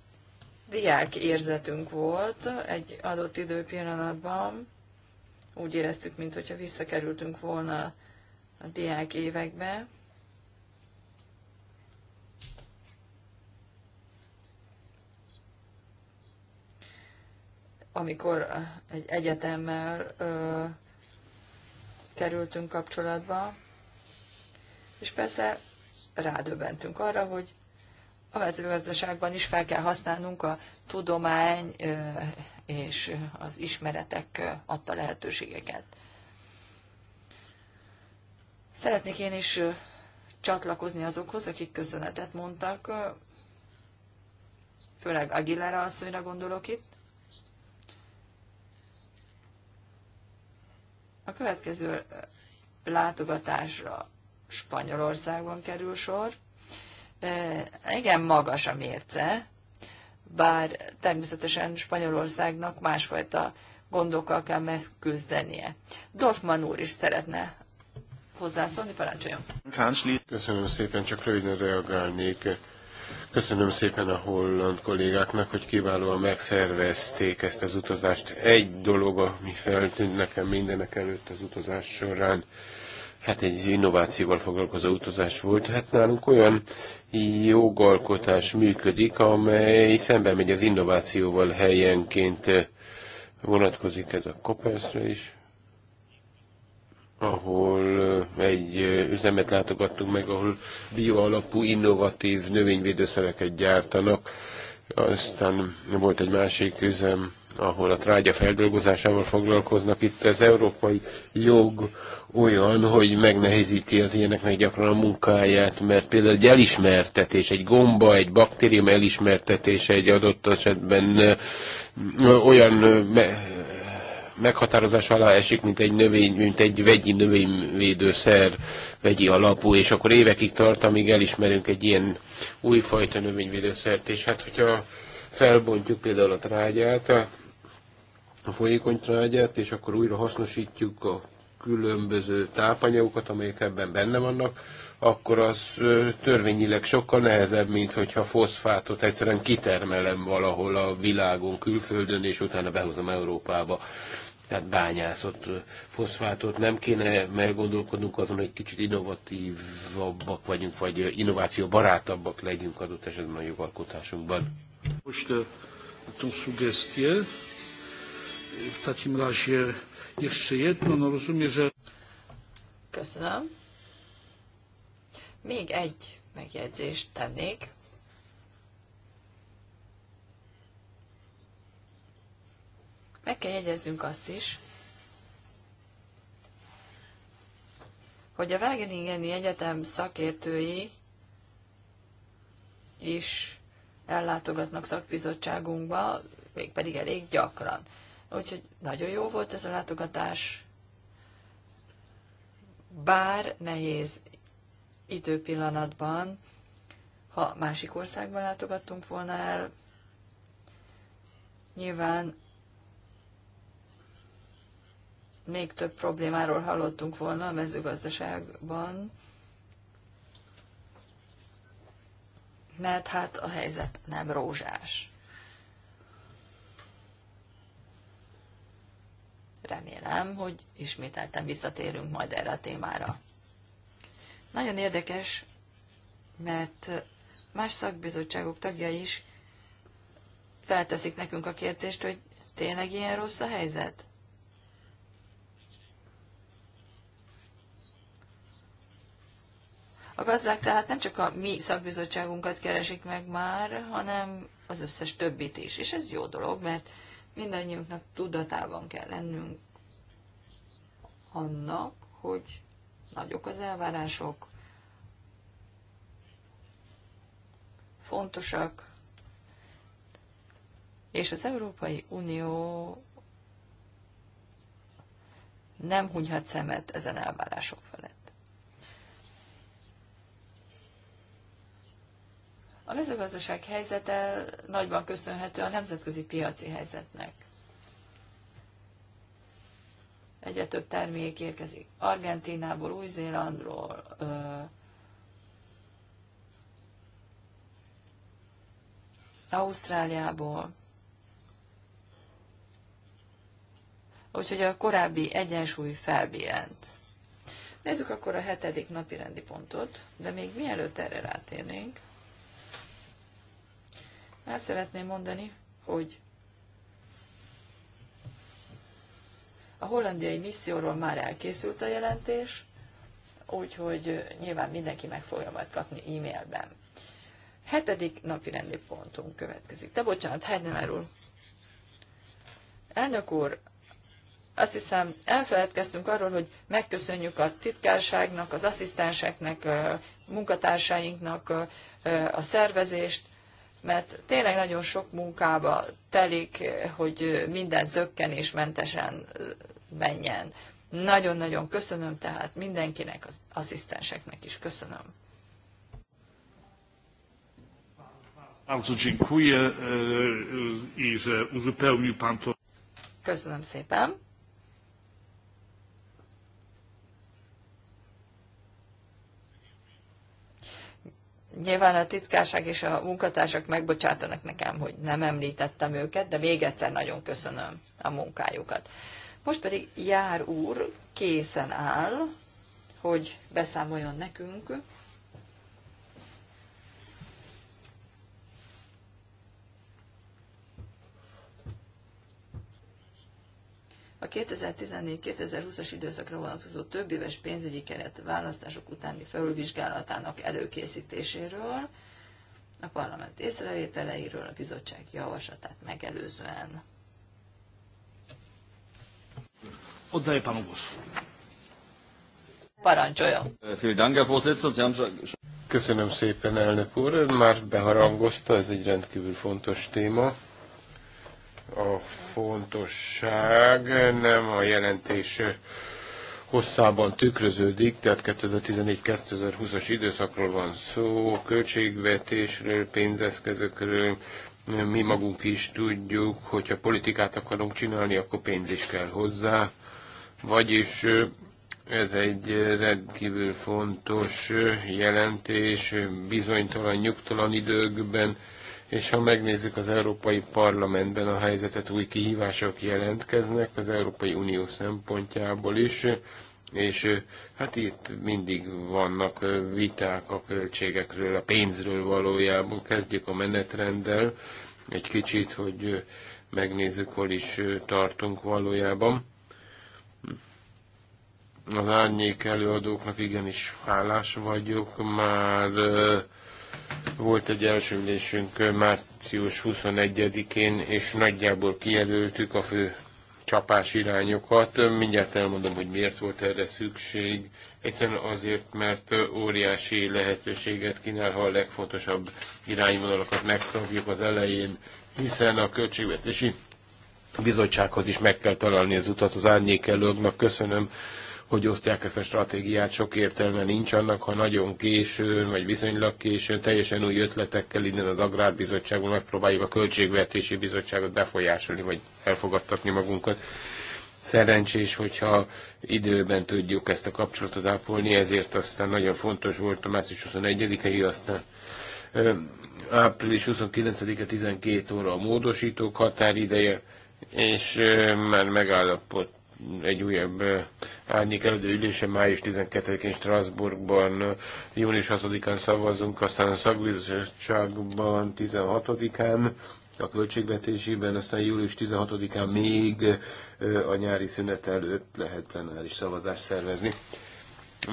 diák érzetünk volt egy adott időpillanatban. Úgy éreztük, mintha visszakerültünk volna a diák évekbe. Amikor egy egyetemmel ö, kerültünk kapcsolatba, és persze rádöbbentünk arra, hogy a mezőgazdaságban is fel kell használnunk a tudomány és az ismeretek adta lehetőségeket. Szeretnék én is csatlakozni azokhoz, akik köszönetet mondtak, főleg Aguilera asszonyra gondolok itt. A következő látogatásra Spanyolországban kerül sor igen magas a mérce, bár természetesen Spanyolországnak másfajta gondokkal kell megküzdenie. Dorfman úr is szeretne hozzászólni, parancsoljon. Köszönöm szépen, csak röviden reagálnék. Köszönöm szépen a holland kollégáknak, hogy kiválóan megszervezték ezt az utazást. Egy dolog, ami feltűnt nekem mindenek előtt az utazás során, hát egy innovációval foglalkozó utazás volt. Hát nálunk olyan jogalkotás működik, amely szemben megy az innovációval helyenként vonatkozik ez a Copperszre is, ahol eh, egy eh, üzemet látogattunk meg, ahol bioalapú, innovatív növényvédőszereket gyártanak. Aztán volt egy másik üzem, ahol a trágya feldolgozásával foglalkoznak. Itt az európai jog olyan, hogy megnehezíti az ilyeneknek gyakran a munkáját, mert például egy elismertetés, egy gomba, egy baktérium elismertetése egy adott esetben olyan meghatározás alá esik, mint egy, növény, mint egy vegyi növényvédőszer, vegyi alapú, és akkor évekig tart, amíg elismerünk egy ilyen újfajta növényvédőszert, és hát hogyha felbontjuk például a trágyát, a folyékony trágyát, és akkor újra hasznosítjuk a különböző tápanyagokat, amelyek ebben benne vannak, akkor az törvényileg sokkal nehezebb, mint hogyha foszfátot egyszerűen kitermelem valahol a világon, külföldön, és utána behozom Európába. Tehát bányászott foszfátot nem kéne meggondolkodnunk azon, hogy kicsit innovatívabbak vagyunk, vagy innováció barátabbak legyünk adott esetben a jogalkotásunkban. Most a tą W takim razie jeszcze jedno, no rozumiem, że... Köszönöm. Még egy megjegyzést tennék. Meg kell jegyeznünk azt is, hogy a Wageningeni Egyetem szakértői is ellátogatnak szakbizottságunkba, mégpedig elég gyakran. Úgyhogy nagyon jó volt ez a látogatás, bár nehéz időpillanatban, ha másik országban látogattunk volna el, nyilván még több problémáról hallottunk volna a mezőgazdaságban, mert hát a helyzet nem rózsás. remélem, hogy ismételten visszatérünk majd erre a témára. Nagyon érdekes, mert más szakbizottságok tagja is felteszik nekünk a kérdést, hogy tényleg ilyen rossz a helyzet? A gazdák tehát nem csak a mi szakbizottságunkat keresik meg már, hanem az összes többit is. És ez jó dolog, mert mindannyiunknak tudatában kell lennünk annak, hogy nagyok az elvárások, fontosak, és az Európai Unió nem hunyhat szemet ezen elvárások felett. A mezőgazdaság helyzete nagyban köszönhető a nemzetközi piaci helyzetnek. Egyre több termék érkezik Argentinából, Új-Zélandról, Ausztráliából. Úgyhogy a korábbi egyensúly felbírent. Nézzük akkor a hetedik napi rendi pontot, de még mielőtt erre rátérnénk, el szeretném mondani, hogy a hollandiai misszióról már elkészült a jelentés, úgyhogy nyilván mindenki meg fogja majd kapni e-mailben. Hetedik napi rendi pontunk következik. De bocsánat, Heidner úr. Elnök úr, azt hiszem elfeledkeztünk arról, hogy megköszönjük a titkárságnak, az asszisztenseknek, munkatársainknak a szervezést, mert tényleg nagyon sok munkába telik, hogy minden zöggenésmentesen menjen. Nagyon-nagyon köszönöm tehát mindenkinek, az asszisztenseknek is köszönöm. E, e, köszönöm szépen. Nyilván a titkárság és a munkatársak megbocsátanak nekem, hogy nem említettem őket, de még egyszer nagyon köszönöm a munkájukat. Most pedig Jár úr készen áll, hogy beszámoljon nekünk A 2014-2020-as időszakra vonatkozó több éves pénzügyi keret választások utáni felülvizsgálatának előkészítéséről, a parlament észrevételeiről, a bizottság javaslatát megelőzően. Oddaję panu głos. Parancsoljon. Köszönöm szépen, elnök úr. már beharangozta, ez egy rendkívül fontos téma a fontosság nem a jelentés hosszában tükröződik, tehát 2014-2020-as időszakról van szó, költségvetésről, pénzeszközökről, mi magunk is tudjuk, hogyha politikát akarunk csinálni, akkor pénz is kell hozzá. Vagyis ez egy rendkívül fontos jelentés, bizonytalan, nyugtalan időkben, és ha megnézzük az Európai Parlamentben a helyzetet, új kihívások jelentkeznek az Európai Unió szempontjából is, és hát itt mindig vannak viták a költségekről, a pénzről valójában. Kezdjük a menetrenddel egy kicsit, hogy megnézzük, hol is tartunk valójában. Az árnyék előadóknak igenis hálás vagyok, már volt egy első ülésünk március 21-én, és nagyjából kijelöltük a fő csapás irányokat. Mindjárt elmondom, hogy miért volt erre szükség. Egyszerűen azért, mert óriási lehetőséget kínál, ha a legfontosabb irányvonalakat megszabjuk az elején, hiszen a költségvetési bizottsághoz is meg kell találni az utat az árnyék előknek. Köszönöm hogy osztják ezt a stratégiát, sok értelme nincs annak, ha nagyon későn, vagy viszonylag későn, teljesen új ötletekkel innen az Agrárbizottságon megpróbáljuk a Költségvetési Bizottságot befolyásolni, vagy elfogadtatni magunkat. Szerencsés, hogyha időben tudjuk ezt a kapcsolatot ápolni, ezért aztán nagyon fontos volt a március 21-i, aztán április 29-e 12 óra a módosítók határideje, és már megállapodt egy újabb árnyék elődő ülése május 12-én Strasbourgban, június 6-án szavazunk, aztán a szakbizottságban 16-án, a költségvetésében, aztán július 16-án még a nyári szünet előtt lehet plenáris szavazást szervezni.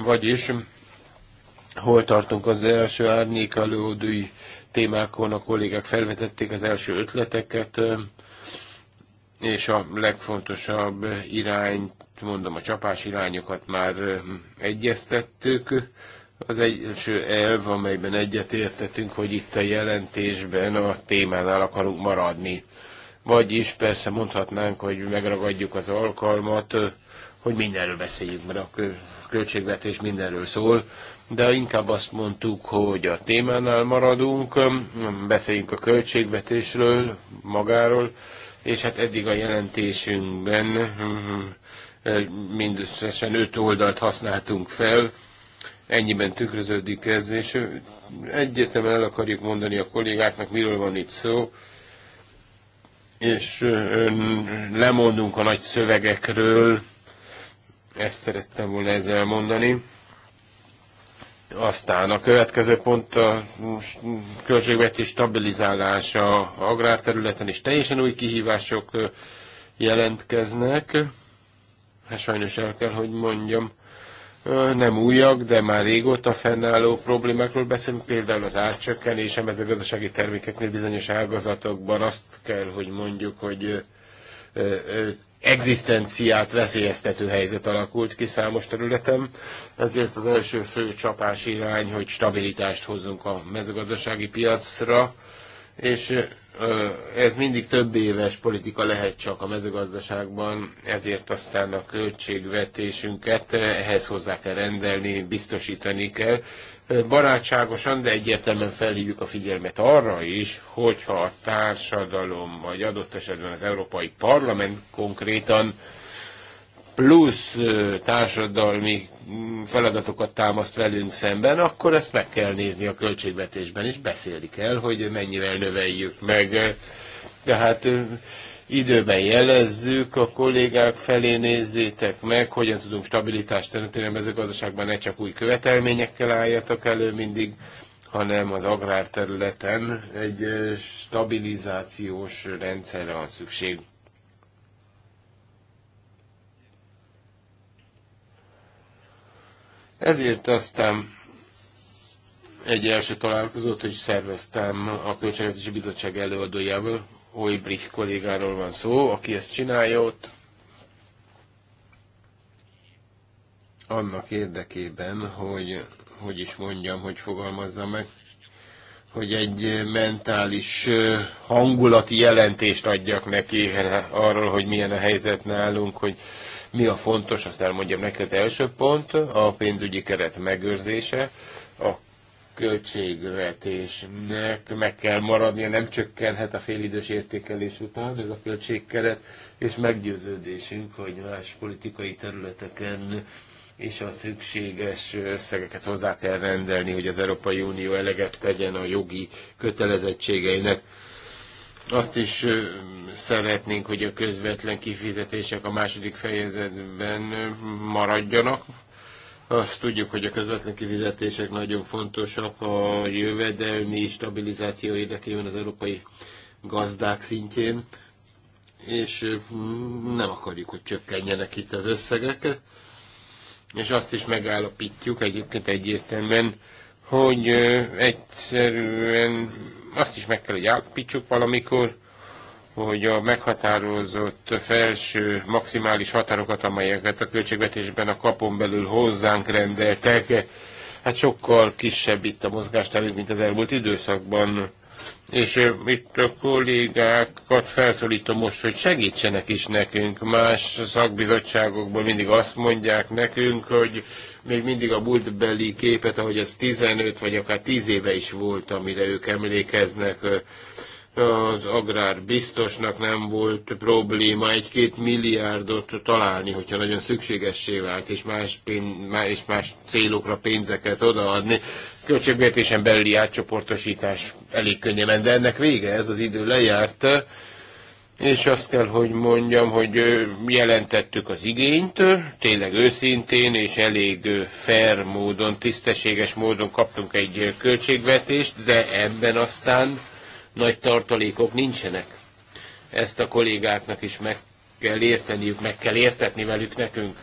Vagyis hol tartunk az első árnyék előadói témákon, a kollégák felvetették az első ötleteket, és a legfontosabb irányt, mondom, a csapás irányokat már egyeztettük. Az első elv, amelyben egyetértettünk, hogy itt a jelentésben a témánál akarunk maradni. Vagyis persze mondhatnánk, hogy megragadjuk az alkalmat, hogy mindenről beszéljünk, mert a költségvetés mindenről szól, de inkább azt mondtuk, hogy a témánál maradunk, beszéljünk a költségvetésről, magáról, és hát eddig a jelentésünkben mhm, mindösszesen öt oldalt használtunk fel, ennyiben tükröződik ez, és egyetem el akarjuk mondani a kollégáknak, miről van itt szó, és lemondunk a nagy szövegekről, ezt szerettem volna ezzel mondani. Aztán a következő pont a költségvetés stabilizálása agrárterületen is teljesen új kihívások jelentkeznek. Hát sajnos el kell, hogy mondjam, nem újak, de már régóta fennálló problémákról beszélünk, például az árcsökkenés a mezőgazdasági termékeknél bizonyos ágazatokban azt kell, hogy mondjuk, hogy egzisztenciát veszélyeztető helyzet alakult ki számos területen, ezért az első fő csapás irány, hogy stabilitást hozzunk a mezőgazdasági piacra, és ez mindig több éves politika lehet csak a mezőgazdaságban, ezért aztán a költségvetésünket ehhez hozzá kell rendelni, biztosítani kell, barátságosan, de egyértelműen felhívjuk a figyelmet arra is, hogyha a társadalom, vagy adott esetben az Európai Parlament konkrétan plusz társadalmi mm, feladatokat támaszt velünk szemben, akkor ezt meg kell nézni a költségvetésben, és beszélni kell, hogy mennyivel növeljük meg. De hát időben jelezzük, a kollégák felé nézzétek meg, hogyan tudunk stabilitást teremteni a mezőgazdaságban, ne csak új követelményekkel álljatok elő mindig, hanem az agrárterületen egy stabilizációs rendszerre van szükség. Ezért aztán egy első találkozót is szerveztem a Költségvetési Bizottság előadójával, Olbrich kollégáról van szó, aki ezt csinálja ott, annak érdekében, hogy hogy is mondjam, hogy fogalmazza meg, hogy egy mentális hangulati jelentést adjak neki arról, hogy milyen a helyzet nálunk, hogy mi a fontos, azt elmondjam neki az első pont, a pénzügyi keret megőrzése, a költségvetésnek meg kell maradnia, nem csökkenhet a félidős értékelés után ez a költségkeret, és meggyőződésünk, hogy más politikai területeken és a szükséges összegeket hozzá kell rendelni, hogy az Európai Unió eleget tegyen a jogi kötelezettségeinek. Azt is szeretnénk, hogy a közvetlen kifizetések a második fejezetben maradjanak, azt tudjuk, hogy a közvetlen kifizetések nagyon fontosak a jövedelmi stabilizáció érdekében az európai gazdák szintjén, és mm, nem akarjuk, hogy csökkenjenek itt az összegek. És azt is megállapítjuk egyébként egyértelműen, hogy egyszerűen azt is meg kell, hogy állapítsuk valamikor, hogy a meghatározott felső maximális határokat, amelyeket a költségvetésben a kapon belül hozzánk rendeltek, hát sokkal kisebb itt a mozgásterünk, mint az elmúlt időszakban. És itt a kollégákat felszólítom most, hogy segítsenek is nekünk. Más szakbizottságokból mindig azt mondják nekünk, hogy még mindig a múltbeli képet, ahogy az 15 vagy akár 10 éve is volt, amire ők emlékeznek, az agrár biztosnak nem volt probléma egy-két milliárdot találni, hogyha nagyon szükségessé vált, és más, pénz, és más célokra pénzeket odaadni. Költségvetésen belüli átcsoportosítás elég könnyen ment, de ennek vége, ez az idő lejárt, és azt kell, hogy mondjam, hogy jelentettük az igényt, tényleg őszintén és elég fair módon, tisztességes módon kaptunk egy költségvetést, de ebben aztán nagy tartalékok nincsenek. Ezt a kollégáknak is meg kell érteniük, meg kell értetni velük nekünk.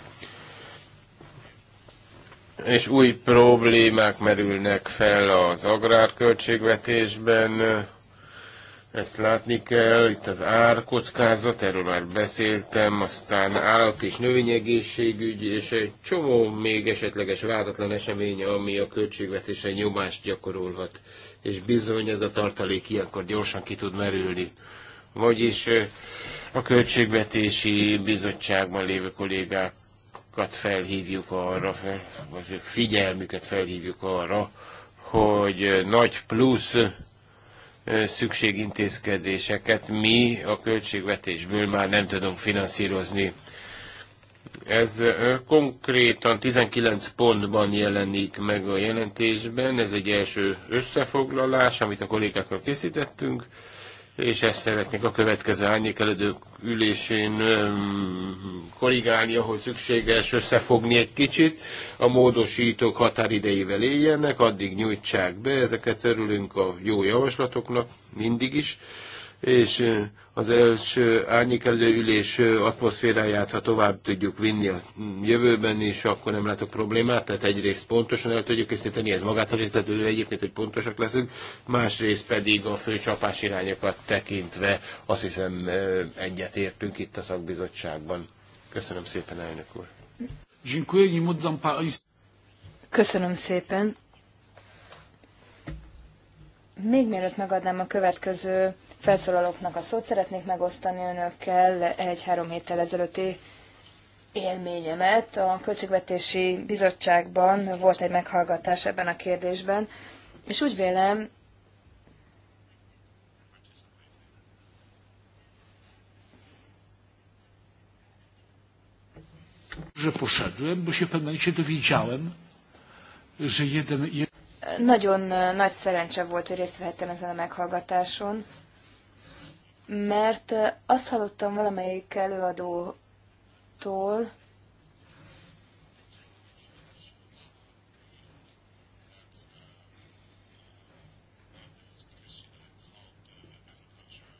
És új problémák merülnek fel az agrárköltségvetésben, ezt látni kell, itt az árkockázat, erről már beszéltem, aztán állat és növényegészségügy, és egy csomó még esetleges váratlan esemény, ami a költségvetésre nyomást gyakorolhat és bizony ez a tartalék ilyenkor gyorsan ki tud merülni. Vagyis a Költségvetési Bizottságban lévő kollégákat felhívjuk arra, vagy figyelmüket felhívjuk arra, hogy nagy plusz szükségintézkedéseket mi a költségvetésből már nem tudunk finanszírozni. Ez konkrétan 19 pontban jelenik meg a jelentésben. Ez egy első összefoglalás, amit a kollégákkal készítettünk, és ezt szeretnék a következő árnyékelődő ülésén korrigálni, ahol szükséges összefogni egy kicsit. A módosítók határidejével éljenek, addig nyújtsák be, ezeket örülünk a jó javaslatoknak, mindig is, és az első árnyékelő ülés atmoszféráját, ha tovább tudjuk vinni a jövőben is, akkor nem látok problémát. Tehát egyrészt pontosan el tudjuk készíteni, ez magától értetődő egyébként, hogy pontosak leszünk, másrészt pedig a fő csapás irányokat tekintve azt hiszem egyetértünk itt a szakbizottságban. Köszönöm szépen, elnök úr. Köszönöm szépen. Még mielőtt megadnám a következő felszólalóknak a szót. Szeretnék megosztani önökkel egy-három héttel ezelőtti élményemet. A Költségvetési Bizottságban volt egy meghallgatás ebben a kérdésben, és úgy vélem, że poszedłem, bo się w pewnym momencie dowiedziałem, że jeden... Nagyon nagy szerencse volt, hogy részt vehettem ezen a meghallgatáson mert azt hallottam valamelyik előadótól,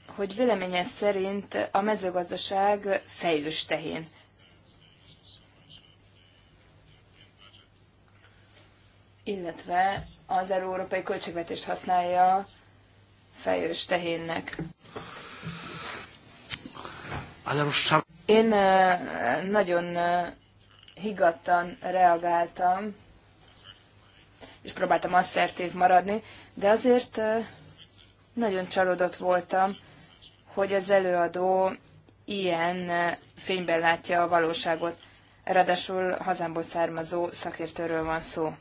hogy véleménye szerint a mezőgazdaság fejős tehén. Illetve az európai költségvetést használja fejős tehénnek. Én nagyon higgadtan reagáltam, és próbáltam asszertív maradni, de azért nagyon csalódott voltam, hogy az előadó ilyen fényben látja a valóságot. Ráadásul hazámból származó szakértőről van szó.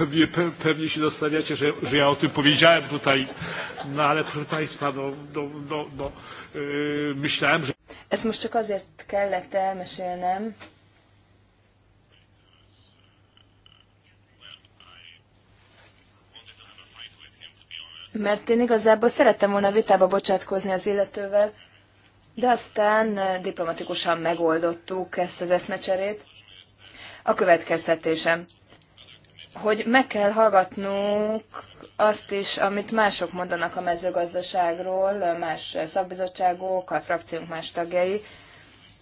pewnie, pe, pewnie się zastanawiacie, że, że ja o tym powiedziałem tutaj, no ale proszę Państwa, no, no, no, no yy, myślałem, że... Ezt most csak azért kellett elmesélnem, mert én igazából szerettem volna vitába bocsátkozni az illetővel, de aztán diplomatikusan megoldottuk ezt az eszmecserét. A következtetésem hogy meg kell hallgatnunk azt is, amit mások mondanak a mezőgazdaságról, más szakbizottságok, a frakciónk más tagjai,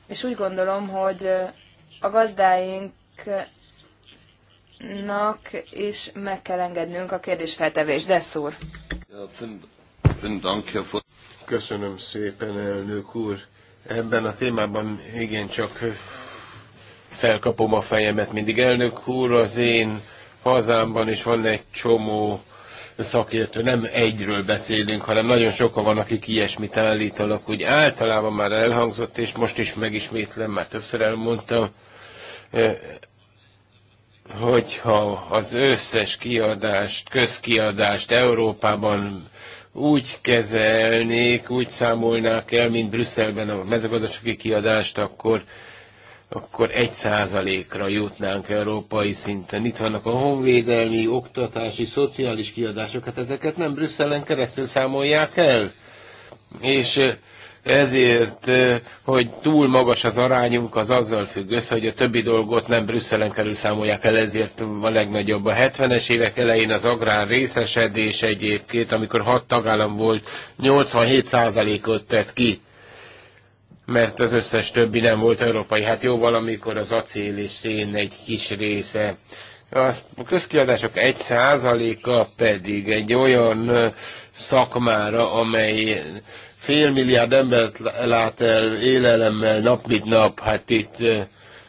és úgy gondolom, hogy a gazdáinknak is meg kell engednünk a kérdésfeltevés. De szúr! Köszönöm szépen, elnök úr! Ebben a témában igen csak felkapom a fejemet mindig. Elnök úr, az én Hazámban is van egy csomó szakértő, nem egyről beszélünk, hanem nagyon sokan van, akik ilyesmit állítanak, úgy általában már elhangzott, és most is megismétlem, már többször elmondtam, e, hogyha az összes kiadást, közkiadást Európában úgy kezelnék, úgy számolnák el, mint Brüsszelben a mezőgazdasági kiadást, akkor akkor egy százalékra jutnánk európai szinten. Itt vannak a honvédelmi, oktatási, szociális kiadások, hát ezeket nem Brüsszelen keresztül számolják el. És eh, ezért, eh, hogy túl magas az arányunk, az azzal függ össze, hogy a többi dolgot nem Brüsszelen kerül számolják el, ezért a legnagyobb. A 70-es évek elején az agrár részesedés egyébként, amikor hat tagállam volt, 87%-ot tett ki mert az összes többi nem volt európai. Hát jó, valamikor az acél és szén egy kis része. A közkiadások egy százaléka pedig egy olyan szakmára, amely fél milliárd embert lát el élelemmel nap mint nap, hát itt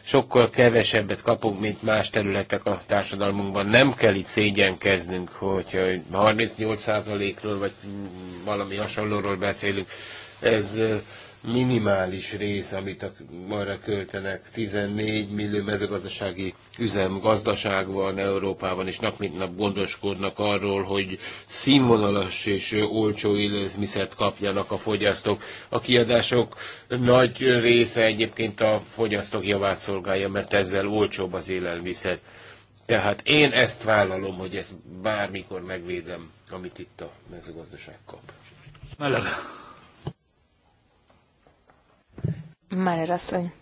sokkal kevesebbet kapunk, mint más területek a társadalmunkban. Nem kell itt szégyenkeznünk, hogy 38%-ról vagy mm, valami hasonlóról beszélünk. Ez minimális rész, amit arra költenek. 14 millió mezőgazdasági üzem gazdaság van Európában, és nap mint nap gondoskodnak arról, hogy színvonalas és olcsó élelmiszert kapjanak a fogyasztók. A kiadások nagy része egyébként a fogyasztók javát szolgálja, mert ezzel olcsóbb az élelmiszer. Tehát én ezt vállalom, hogy ezt bármikor megvédem, amit itt a mezőgazdaság kap. Meleg. Márer asszony.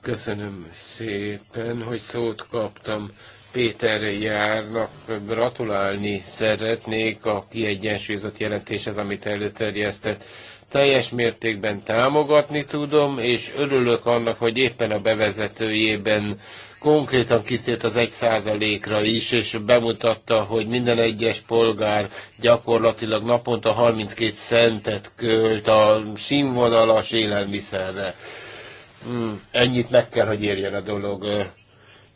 Köszönöm szépen, hogy szót kaptam. Péter járnak gratulálni szeretnék a kiegyensúlyozott jelentéshez, amit előterjesztett. Teljes mértékben támogatni tudom, és örülök annak, hogy éppen a bevezetőjében konkrétan kiszélt az egy százalékra is, és bemutatta, hogy minden egyes polgár gyakorlatilag naponta 32 centet költ a színvonalas élelmiszerre. Hmm, ennyit meg kell, hogy érjen a dolog.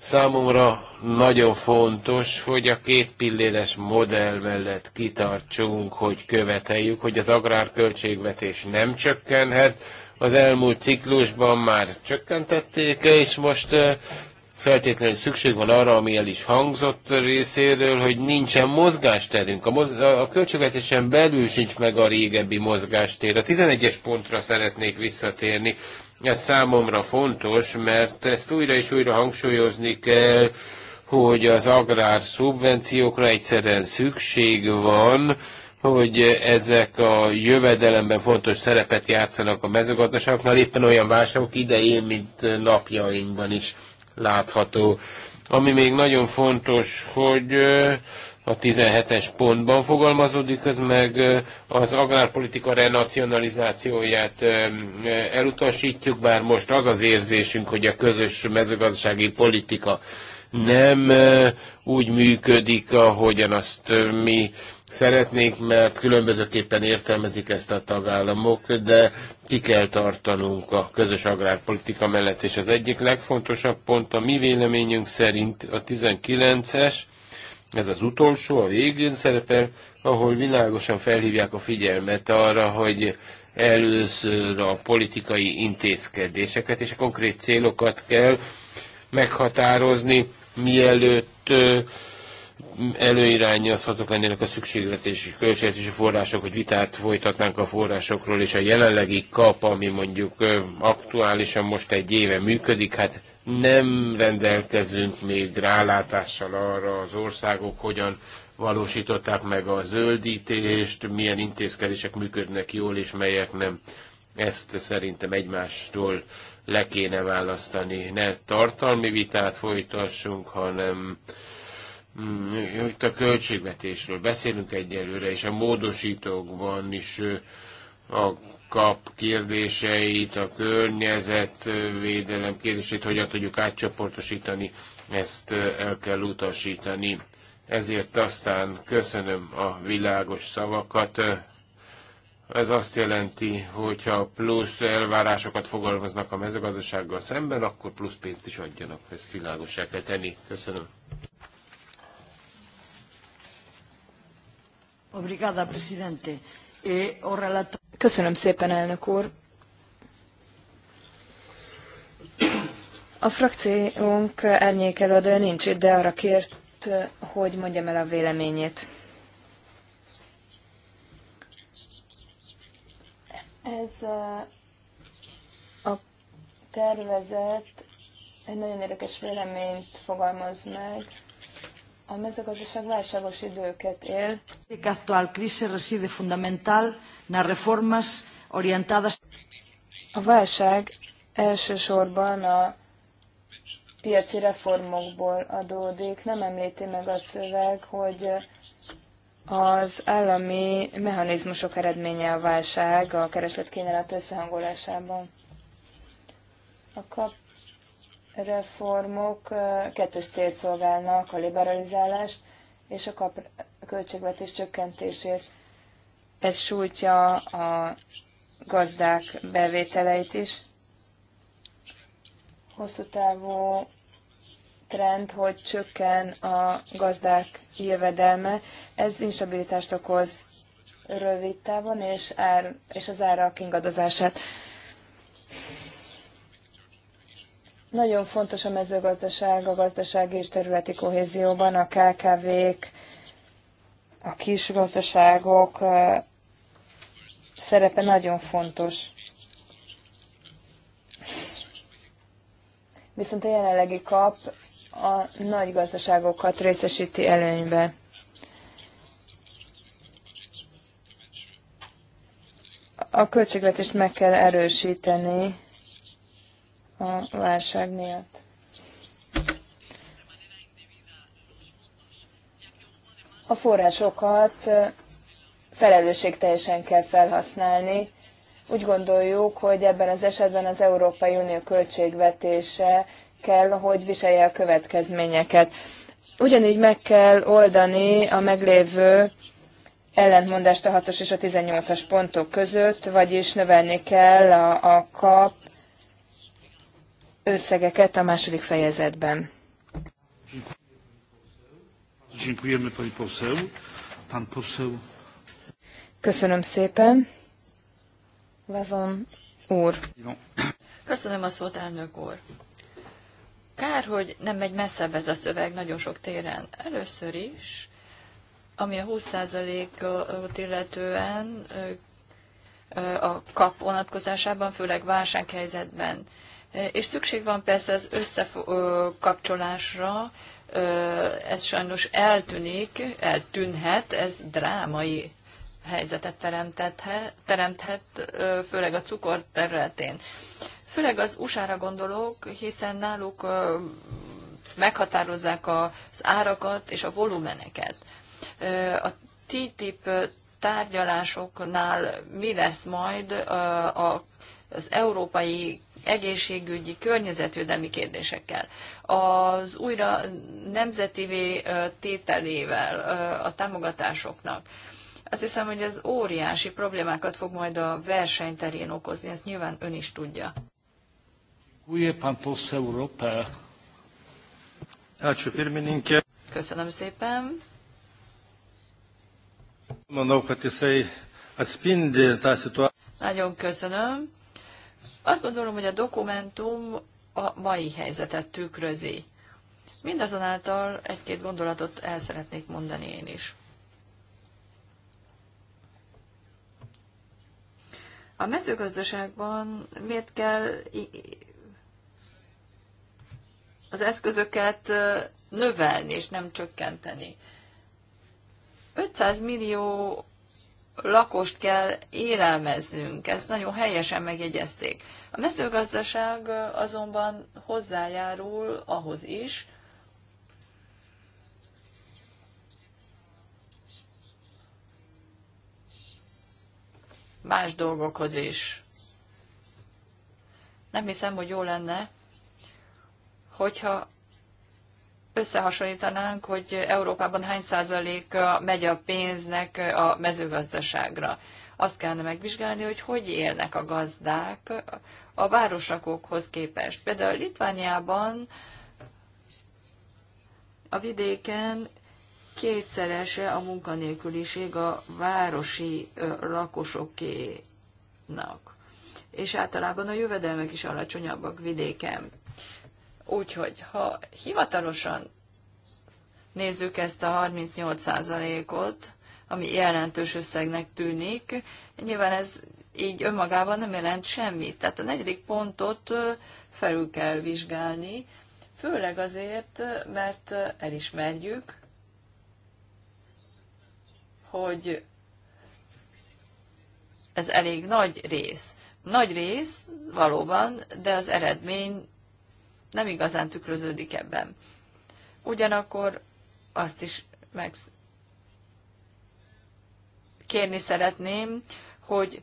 Számomra nagyon fontos, hogy a két pilléres modell mellett kitartsunk, hogy követeljük, hogy az agrárköltségvetés nem csökkenhet. Az elmúlt ciklusban már csökkentették, és most feltétlenül szükség van arra, ami el is hangzott részéről, hogy nincsen mozgásterünk. A, moz- a költségvetésen belül sincs meg a régebbi mozgástér. A 11-es pontra szeretnék visszatérni. Ez számomra fontos, mert ezt újra és újra hangsúlyozni kell, hogy az agrár szubvenciókra egyszerűen szükség van, hogy ezek a jövedelemben fontos szerepet játszanak a mezőgazdaságnál, éppen olyan válságok idején, mint napjainkban is látható. Ami még nagyon fontos, hogy a 17-es pontban fogalmazódik, az meg az agrárpolitika renacionalizációját elutasítjuk, bár most az az érzésünk, hogy a közös mezőgazdasági politika nem úgy működik, ahogyan azt mi szeretnénk, mert különbözőképpen értelmezik ezt a tagállamok, de ki kell tartanunk a közös agrárpolitika mellett, és az egyik legfontosabb pont a mi véleményünk szerint a 19-es, ez az utolsó, a végén szerepel, ahol világosan felhívják a figyelmet arra, hogy először a politikai intézkedéseket és a konkrét célokat kell meghatározni, mielőtt előirányozhatok lennének a szükségvetési költségvetési források, hogy vitát folytatnánk a forrásokról, és a jelenlegi kap, ami mondjuk aktuálisan most egy éve működik, hát nem rendelkezünk még rálátással arra az országok, hogyan valósították meg a zöldítést, milyen intézkedések működnek jól, és melyek nem. Ezt szerintem egymástól le kéne választani. Ne tartalmi vitát folytassunk, hanem Mm, itt a költségvetésről beszélünk egyelőre, és a módosítókban is a kap kérdéseit, a környezetvédelem kérdését hogyan tudjuk átcsoportosítani, ezt el kell utasítani. Ezért aztán köszönöm a világos szavakat. Ez azt jelenti, hogy ha plusz elvárásokat fogalmaznak a mezőgazdasággal szemben, akkor plusz pénzt is adjanak. Ezt világosá kell tenni. Köszönöm. Obrigada, presidente. E Köszönöm szépen, elnök úr. A frakciónk árnyékelődő nincs itt, de arra kért, hogy mondjam el a véleményét. Ez a tervezet egy nagyon érdekes véleményt fogalmaz meg, a mezőgazdaság válságos időket él. A aktuál crisis reside fundamental na reformas orientadas. A válság elsősorban a piaci reformokból adódik. Nem említi meg a szöveg, hogy az állami mechanizmusok eredménye a válság a keresletkínálat összehangolásában. A kap reformok kettős célt szolgálnak, a liberalizálást és a, kap- a költségvetés csökkentését. Ez sújtja a gazdák bevételeit is. Hosszú távú trend, hogy csökken a gazdák jövedelme, ez instabilitást okoz rövid távon, és, ár, és az árak ingadozását. Nagyon fontos a mezőgazdaság, a gazdasági és területi kohézióban a KKV-k, a kis gazdaságok szerepe nagyon fontos. Viszont a jelenlegi kap a nagy gazdaságokat részesíti előnybe. A költségvetést meg kell erősíteni a válság miatt. A forrásokat felelősségteljesen kell felhasználni. Úgy gondoljuk, hogy ebben az esetben az Európai Unió költségvetése kell, hogy viselje a következményeket. Ugyanígy meg kell oldani a meglévő ellentmondást a 6-os és a 18-as pontok között, vagyis növelni kell a, a kap összegeket a második fejezetben. Köszönöm szépen. Vazon úr. Köszönöm a szót, elnök úr. Kár, hogy nem megy messzebb ez a szöveg nagyon sok téren. Először is, ami a 20%-ot illetően a kap vonatkozásában, főleg válsághelyzetben és szükség van persze az összekapcsolásra, ez sajnos eltűnik, eltűnhet, ez drámai helyzetet teremtethet, teremthet, főleg a cukor területén. Főleg az USA-ra gondolok, hiszen náluk meghatározzák az árakat és a volumeneket. A TTIP tárgyalásoknál mi lesz majd az európai egészségügyi, környezetvédelmi kérdésekkel, az újra nemzetivé tételével a támogatásoknak. Azt hiszem, hogy ez óriási problémákat fog majd a versenyterén okozni, ezt nyilván ön is tudja. Köszönöm szépen. Manau, kad Nagyon köszönöm. Azt gondolom, hogy a dokumentum a mai helyzetet tükrözi. Mindazonáltal egy-két gondolatot el szeretnék mondani én is. A mezőgazdaságban miért kell az eszközöket növelni és nem csökkenteni? 500 millió lakost kell élelmeznünk, ezt nagyon helyesen megjegyezték. A mezőgazdaság azonban hozzájárul ahhoz is, más dolgokhoz is. Nem hiszem, hogy jó lenne, hogyha összehasonlítanánk, hogy Európában hány százaléka megy a pénznek a mezőgazdaságra. Azt kellene megvizsgálni, hogy hogy élnek a gazdák a városakokhoz képest. Például Litvániában a vidéken kétszerese a munkanélküliség a városi lakosokénak. És általában a jövedelmek is alacsonyabbak vidéken. Úgyhogy, ha hivatalosan nézzük ezt a 38%-ot, ami jelentős összegnek tűnik, nyilván ez így önmagában nem jelent semmit. Tehát a negyedik pontot felül kell vizsgálni, főleg azért, mert elismerjük, hogy ez elég nagy rész. Nagy rész valóban, de az eredmény nem igazán tükröződik ebben. Ugyanakkor azt is meg kérni szeretném, hogy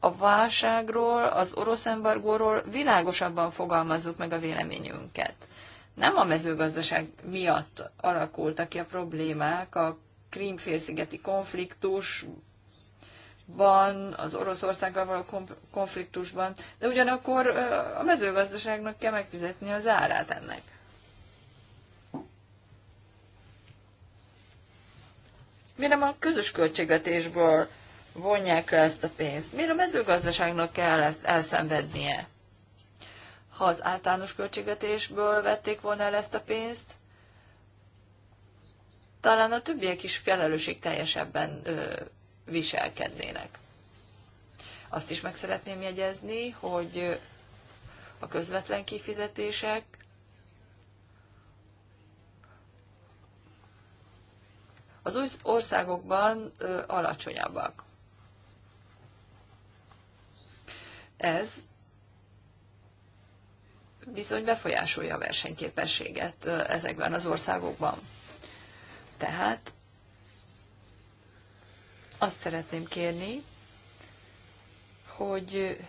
a válságról, az orosz embargóról világosabban fogalmazzuk meg a véleményünket. Nem a mezőgazdaság miatt alakultak ki a problémák, a Krímfélszigeti konfliktus, ban, az Oroszországgal való konfliktusban, de ugyanakkor a mezőgazdaságnak kell megfizetni az árát ennek. Miért nem a közös költségvetésből vonják le ezt a pénzt? Miért a mezőgazdaságnak kell ezt elszenvednie? Ha az általános költségvetésből vették volna el ezt a pénzt, talán a többiek is felelősségteljesebben ö, viselkednének. Azt is meg szeretném jegyezni, hogy a közvetlen kifizetések az új országokban alacsonyabbak. Ez bizony befolyásolja a versenyképességet ezekben az országokban. Tehát azt szeretném kérni, hogy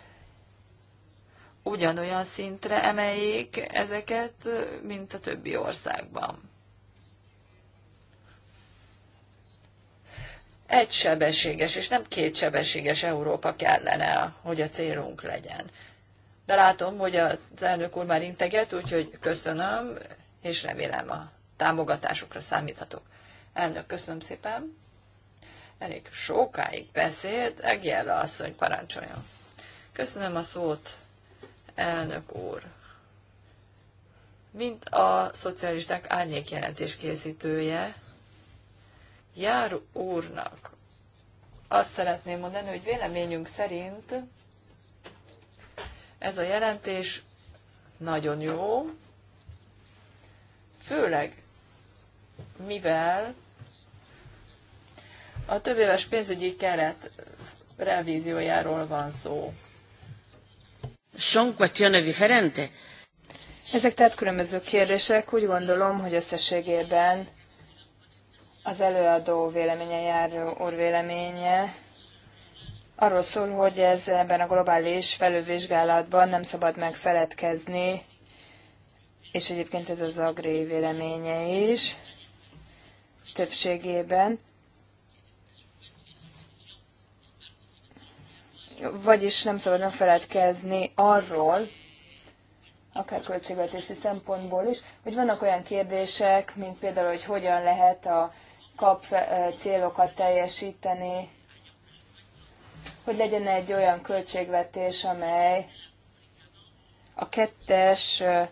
ugyanolyan szintre emeljék ezeket, mint a többi országban. Egy sebességes és nem két sebességes Európa kellene, hogy a célunk legyen. De látom, hogy az elnök úr már integet, úgyhogy köszönöm, és remélem a támogatásukra számíthatok. Elnök, köszönöm szépen! Elég sokáig beszélt, Egyelre asszony parancsoljon. Köszönöm a szót, elnök úr. Mint a szocialisták árnyék jelentés készítője, Jár úrnak azt szeretném mondani, hogy véleményünk szerint ez a jelentés nagyon jó, főleg mivel a éves pénzügyi keret revíziójáról van szó. Son cuestiones diferentes. Ezek tehát különböző kérdések. Úgy gondolom, hogy összességében az előadó véleménye járó úr véleménye arról szól, hogy ez ebben a globális felülvizsgálatban nem szabad megfeledkezni, és egyébként ez az agré véleménye is többségében. Vagyis nem szabadna feledkezni arról, akár költségvetési szempontból is, hogy vannak olyan kérdések, mint például, hogy hogyan lehet a kap eh, célokat teljesíteni, hogy legyen egy olyan költségvetés, amely a kettes eh,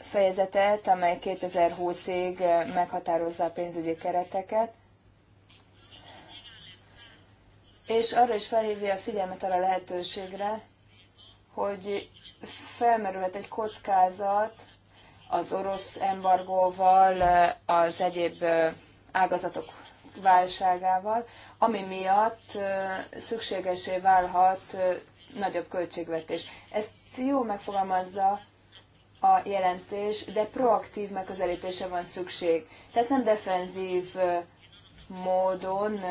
fejezetet, amely 2020-ig eh, meghatározza a pénzügyi kereteket, és arra is felhívja a figyelmet arra a lehetőségre, hogy felmerülhet egy kockázat az orosz embargóval, az egyéb ágazatok válságával, ami miatt szükségesé válhat nagyobb költségvetés. Ezt jó megfogalmazza a jelentés, de proaktív megközelítése van szükség. Tehát nem defenzív módon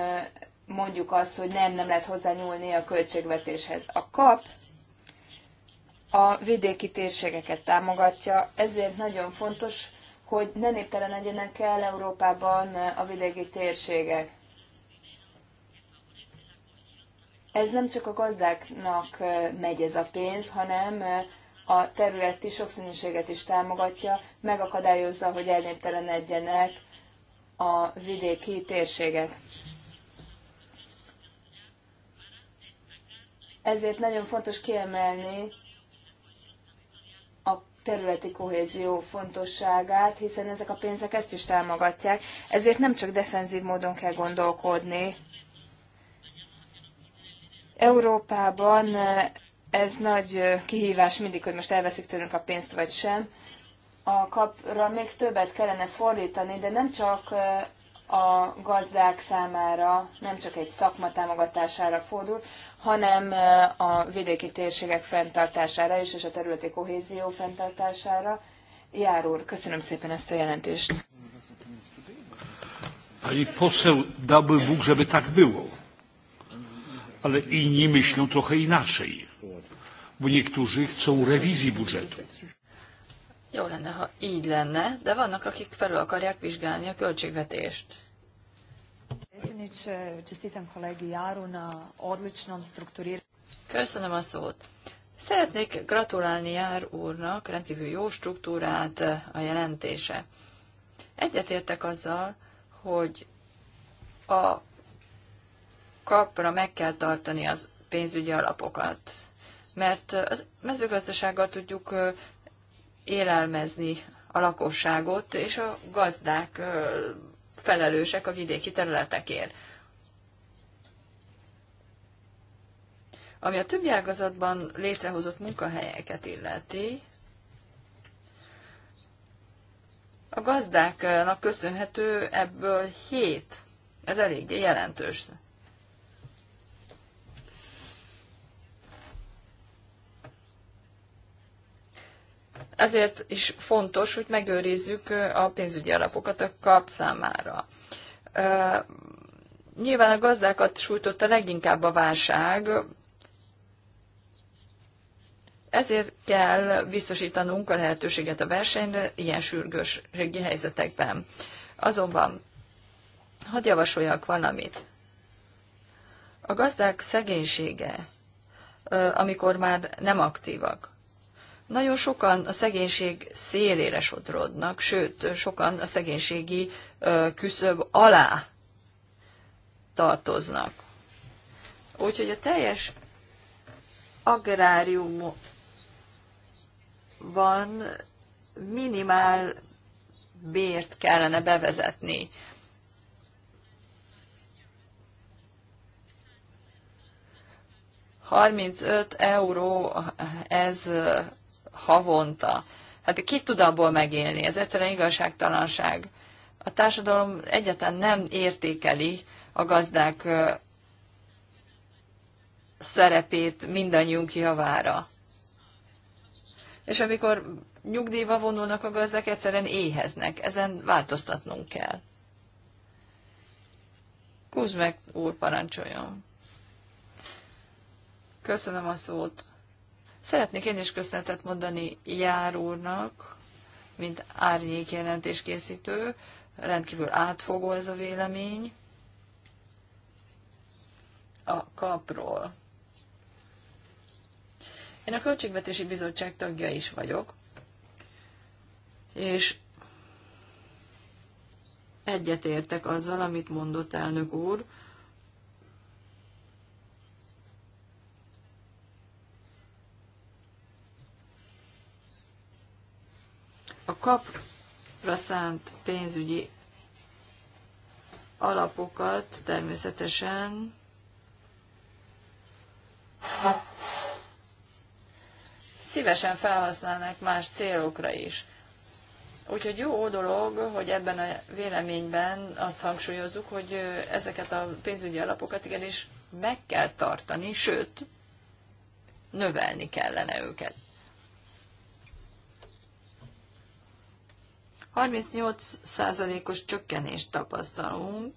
mondjuk azt, hogy nem, nem lehet hozzányúlni a költségvetéshez. A kap a vidéki térségeket támogatja, ezért nagyon fontos, hogy ne néptelen legyenek el Európában a vidéki térségek. Ez nem csak a gazdáknak megy ez a pénz, hanem a területi sokszínűséget is támogatja, megakadályozza, hogy elnéptelenedjenek a vidéki térségek. Ezért nagyon fontos kiemelni a területi kohézió fontosságát, hiszen ezek a pénzek ezt is támogatják. Ezért nem csak defenzív módon kell gondolkodni. Európában eh, ez nagy eh, kihívás mindig, hogy most elveszik tőlünk a pénzt, vagy sem. A kapra még többet kellene fordítani, de nem csak eh, a gazdák számára, nem csak egy szakma támogatására fordul, hanem a vidéki térségek fenntartására is, és a területi kohézió fenntartására. Jár úr, köszönöm szépen ezt a jelentést. Pani poseł, dałby Bóg, żeby tak było. Ale inni myślą trochę inaczej, bo niektórzy chcą rewizji budżetu. Jó lenne, ha így lenne, de vannak, akik felül akarják vizsgálni a költségvetést predsjedniče. Čestitam kolegi Jaru na odličnom strukturiranju. Köszönöm a szót. Szeretnék gratulálni Jár úrnak, rendkívül jó struktúrát eh, a jelentése. Egyetértek azzal, hogy a kapra meg kell tartani az pénzügyi alapokat, mert eh, az mezőgazdasággal tudjuk eh, élelmezni a lakosságot, és a gazdák felelősek a vidéki területekért. Ami a többi ágazatban létrehozott munkahelyeket illeti, a gazdáknak köszönhető ebből hét. Ez eléggé jelentős ezért is fontos, hogy megőrizzük a pénzügyi alapokat a kap számára. Nyilván a gazdákat sújtotta leginkább a válság, ezért kell biztosítanunk a lehetőséget a versenyre ilyen régi helyzetekben. Azonban, hadd javasoljak valamit. A gazdák szegénysége, amikor már nem aktívak, nagyon sokan a szegénység szélére sodrodnak, sőt, sokan a szegénységi küszöb alá tartoznak. Úgyhogy a teljes agrárium van minimál bért kellene bevezetni. 35 euró ez havonta. Hát ki tud abból megélni? Ez egyszerűen igazságtalanság. A társadalom egyáltalán nem értékeli a gazdák szerepét mindannyiunk javára. És amikor nyugdíjba vonulnak a gazdák, egyszerűen éheznek. Ezen változtatnunk kell. Kuzmek úr parancsoljon. Köszönöm a szót. Szeretnék én is köszönetet mondani Jár úrnak, mint árnyék jelentéskészítő, rendkívül átfogó ez a vélemény a kapról. Én a Költségvetési Bizottság tagja is vagyok, és egyetértek azzal, amit mondott elnök úr, A kapra szánt pénzügyi alapokat természetesen szívesen felhasználnak más célokra is. Úgyhogy jó dolog, hogy ebben a véleményben azt hangsúlyozzuk, hogy ezeket a pénzügyi alapokat igenis meg kell tartani, sőt, növelni kellene őket. 38%-os csökkenést tapasztalunk,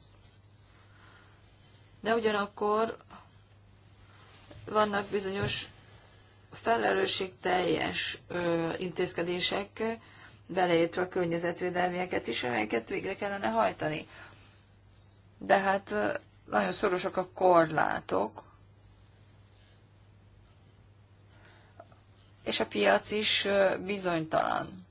de ugyanakkor vannak bizonyos felelősségteljes intézkedések, beleértve a környezetvédelmieket is, amelyeket végre kellene hajtani. De hát nagyon szorosak a korlátok, és a piac is bizonytalan.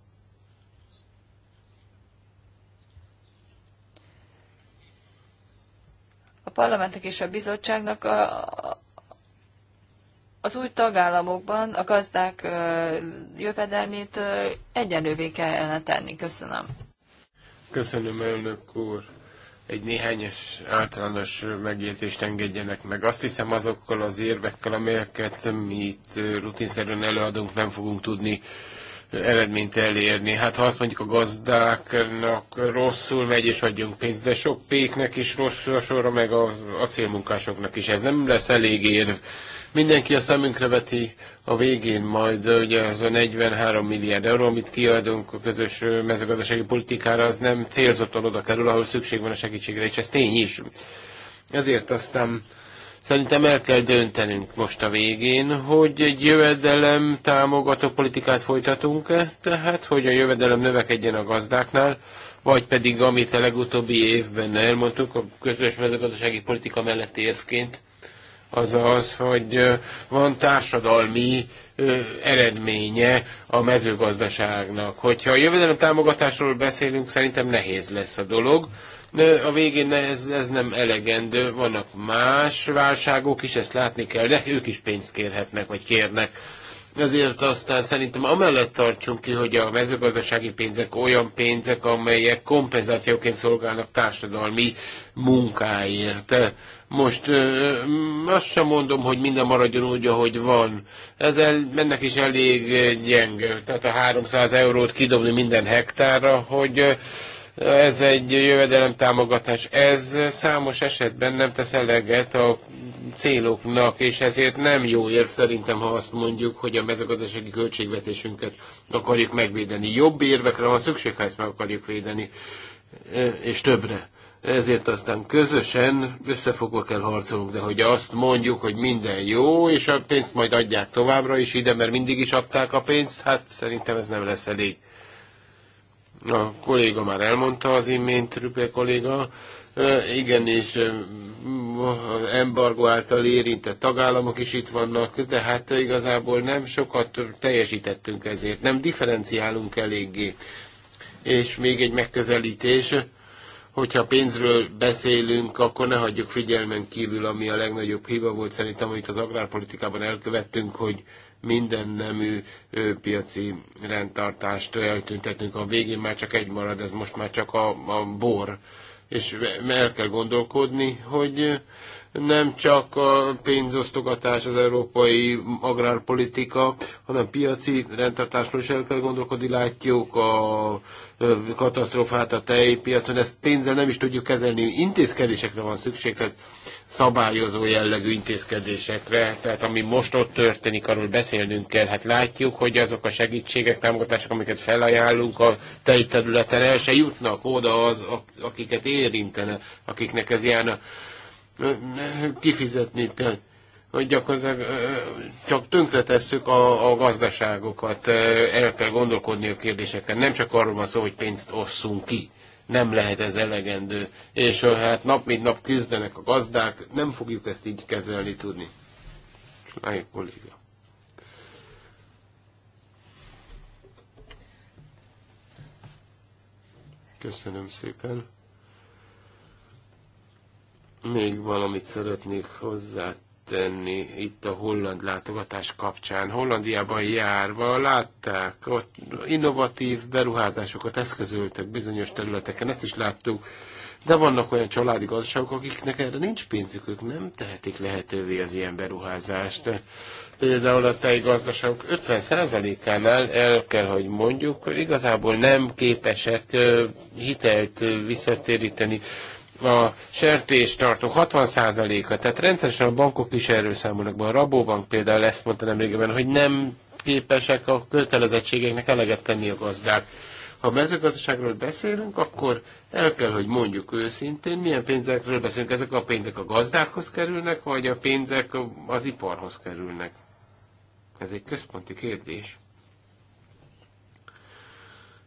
parlamentnek és a bizottságnak a, az új tagállamokban a gazdák jövedelmét egyenlővé kellene tenni. Köszönöm. Köszönöm, elnök úr. Egy néhányes általános megjegyzést engedjenek meg. Azt hiszem azokkal az érvekkel, amelyeket mi itt rutinszerűen előadunk, nem fogunk tudni eredményt elérni. Hát ha azt mondjuk a gazdáknak rosszul megy és adjunk pénzt, de sok péknek is rossz a sorra, meg az acélmunkásoknak is. Ez nem lesz elég érv. Mindenki a szemünkre veti a végén majd, ugye az a 43 milliárd euró, amit kiadunk a közös mezőgazdasági politikára, az nem célzottan oda kerül, ahol szükség van a segítségre, és ez tény is. Ezért aztán Szerintem el kell döntenünk most a végén, hogy egy jövedelem támogató politikát folytatunk-e, tehát hogy a jövedelem növekedjen a gazdáknál, vagy pedig amit a legutóbbi évben elmondtuk a közös mezőgazdasági politika mellett érvként, az az, hogy van társadalmi eredménye a mezőgazdaságnak. Hogyha a jövedelem támogatásról beszélünk, szerintem nehéz lesz a dolog, de a végén ez, ez nem elegendő, vannak más válságok is, ezt látni kell, de ők is pénzt kérhetnek, vagy kérnek. Ezért aztán szerintem amellett tartsunk ki, hogy a mezőgazdasági pénzek olyan pénzek, amelyek kompenzációként szolgálnak társadalmi munkáért. Most ö, azt sem mondom, hogy minden maradjon úgy, ahogy van. Ez el, ennek is elég gyenge. Tehát a 300 eurót kidobni minden hektárra, hogy ez egy jövedelemtámogatás. Ez számos esetben nem tesz eleget a céloknak, és ezért nem jó érv szerintem, ha azt mondjuk, hogy a mezőgazdasági költségvetésünket akarjuk megvédeni. Jobb érvekre van szükség, ha ezt meg akarjuk védeni, e, és többre. Ezért aztán közösen összefogva kell harcolunk, de hogy azt mondjuk, hogy minden jó, és a pénzt majd adják továbbra is ide, mert mindig is adták a pénzt, hát szerintem ez nem lesz elég a kolléga már elmondta az imént, Rüpe kolléga, igen, és embargo által érintett tagállamok is itt vannak, de hát igazából nem sokat teljesítettünk ezért, nem differenciálunk eléggé. És még egy megközelítés, hogyha pénzről beszélünk, akkor ne hagyjuk figyelmen kívül, ami a legnagyobb hiba volt szerintem, amit az agrárpolitikában elkövettünk, hogy minden nemű piaci rendtartást eltüntetünk. A végén már csak egy marad, ez most már csak a, a bor. És el kell gondolkodni, hogy nem csak a pénzosztogatás az európai agrárpolitika, hanem piaci rendtartásról is el kell gondolkodni, látjuk a katasztrófát a tejpiacon, ezt pénzzel nem is tudjuk kezelni, intézkedésekre van szükség, tehát szabályozó jellegű intézkedésekre, tehát ami most ott történik, arról beszélnünk kell. Hát látjuk, hogy azok a segítségek, támogatások, amiket felajánlunk a tejterületen el se jutnak oda az, akiket érintene, akiknek ez járna kifizetni kell hogy gyakorlatilag csak tönkretesszük a, a gazdaságokat, el kell gondolkodni a kérdéseken. Nem csak arról van szó, hogy pénzt osszunk ki. Nem lehet ez elegendő. És hát nap mint nap küzdenek a gazdák, nem fogjuk ezt így kezelni tudni. Csináljuk kolléga. Köszönöm szépen. Még valamit szeretnék hozzátenni itt a holland látogatás kapcsán. Hollandiában járva látták, ott innovatív beruházásokat eszközöltek bizonyos területeken, ezt is láttuk. De vannak olyan családi gazdaságok, akiknek erre nincs pénzük, ők nem tehetik lehetővé az ilyen beruházást. Például a tej gazdaságok 50%-ánál el kell, hogy mondjuk, igazából nem képesek hitelt visszatéríteni a tartó 60%-a, tehát rendszeresen a bankok is erről számolnak be. A Rabobank például ezt mondta nemrégiben, hogy nem képesek a kötelezettségeknek eleget tenni a gazdák. Ha mezőgazdaságról beszélünk, akkor el kell, hogy mondjuk őszintén, milyen pénzekről beszélünk. Ezek a pénzek a gazdákhoz kerülnek, vagy a pénzek az iparhoz kerülnek? Ez egy központi kérdés.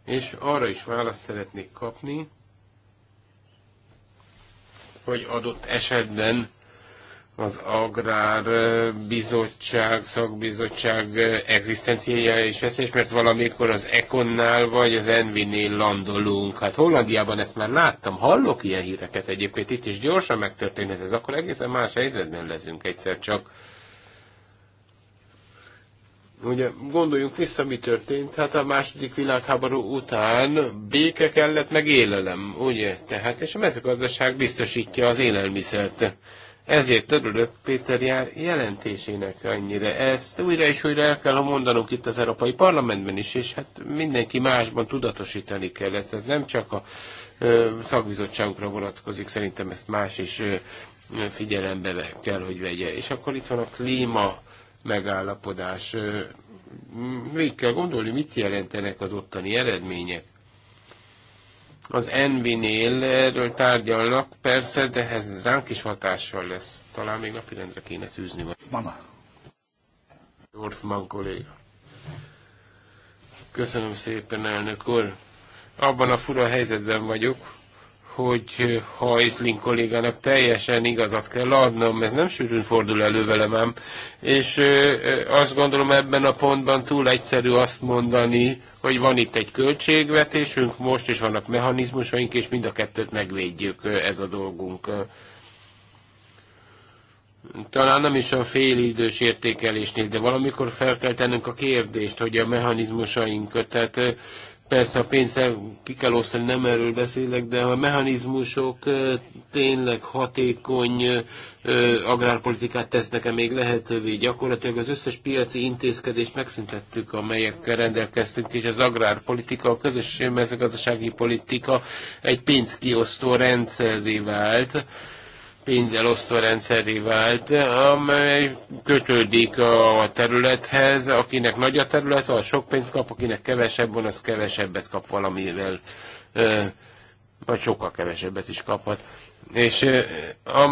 És arra is választ szeretnék kapni, hogy adott esetben az Agrárbizottság, Szakbizottság egzisztenciája is veszélyes, mert valamikor az Econnál vagy az Envinél landolunk. Hát Hollandiában ezt már láttam, hallok ilyen híreket egyébként, itt is gyorsan megtörténhet ez, akkor egészen más helyzetben leszünk egyszer csak. Ugye gondoljunk vissza, mi történt. Hát a második világháború után béke kellett, meg élelem, ugye? Tehát, és a mezőgazdaság biztosítja az élelmiszert. Ezért örülök Péter Jár jelentésének annyira. Ezt újra és újra el kell mondanunk itt az Európai Parlamentben is, és hát mindenki másban tudatosítani kell ezt. Ez nem csak a ö, vonatkozik, szerintem ezt más is ö, figyelembe kell, hogy vegye. És akkor itt van a klíma megállapodás. Még kell gondolni, mit jelentenek az ottani eredmények. Az Envinél erről tárgyalnak, persze, de ez ránk is hatással lesz. Talán még napirendre kéne tűzni. Mama. Dorfman kolléga. Köszönöm szépen, elnök úr. Abban a fura helyzetben vagyok, hogy eh, ha Észlin kollégának teljesen igazat kell adnom, ez nem sűrűn fordul elő velem ám, és eh, eh, azt gondolom ebben a pontban túl egyszerű azt mondani, hogy van itt egy költségvetésünk, most is vannak mechanizmusaink, és mind a kettőt megvédjük, ez a dolgunk. Talán nem is a félidős értékelésnél, de valamikor fel kell tennünk a kérdést, hogy a mechanizmusainkat, tehát Persze a pénzt ki kell osztani, nem erről beszélek, de a mechanizmusok tényleg hatékony agrárpolitikát tesznek-e még lehetővé. Gyakorlatilag az összes piaci intézkedést megszüntettük, amelyekkel rendelkeztünk, és az agrárpolitika, a közös mezőgazdasági politika egy pénzkiosztó rendszerré vált pénzelosztó rendszeré vált, amely kötődik a területhez, akinek nagy a terület, az sok pénzt kap, akinek kevesebb van, az kevesebbet kap valamivel, vagy sokkal kevesebbet is kaphat. És a,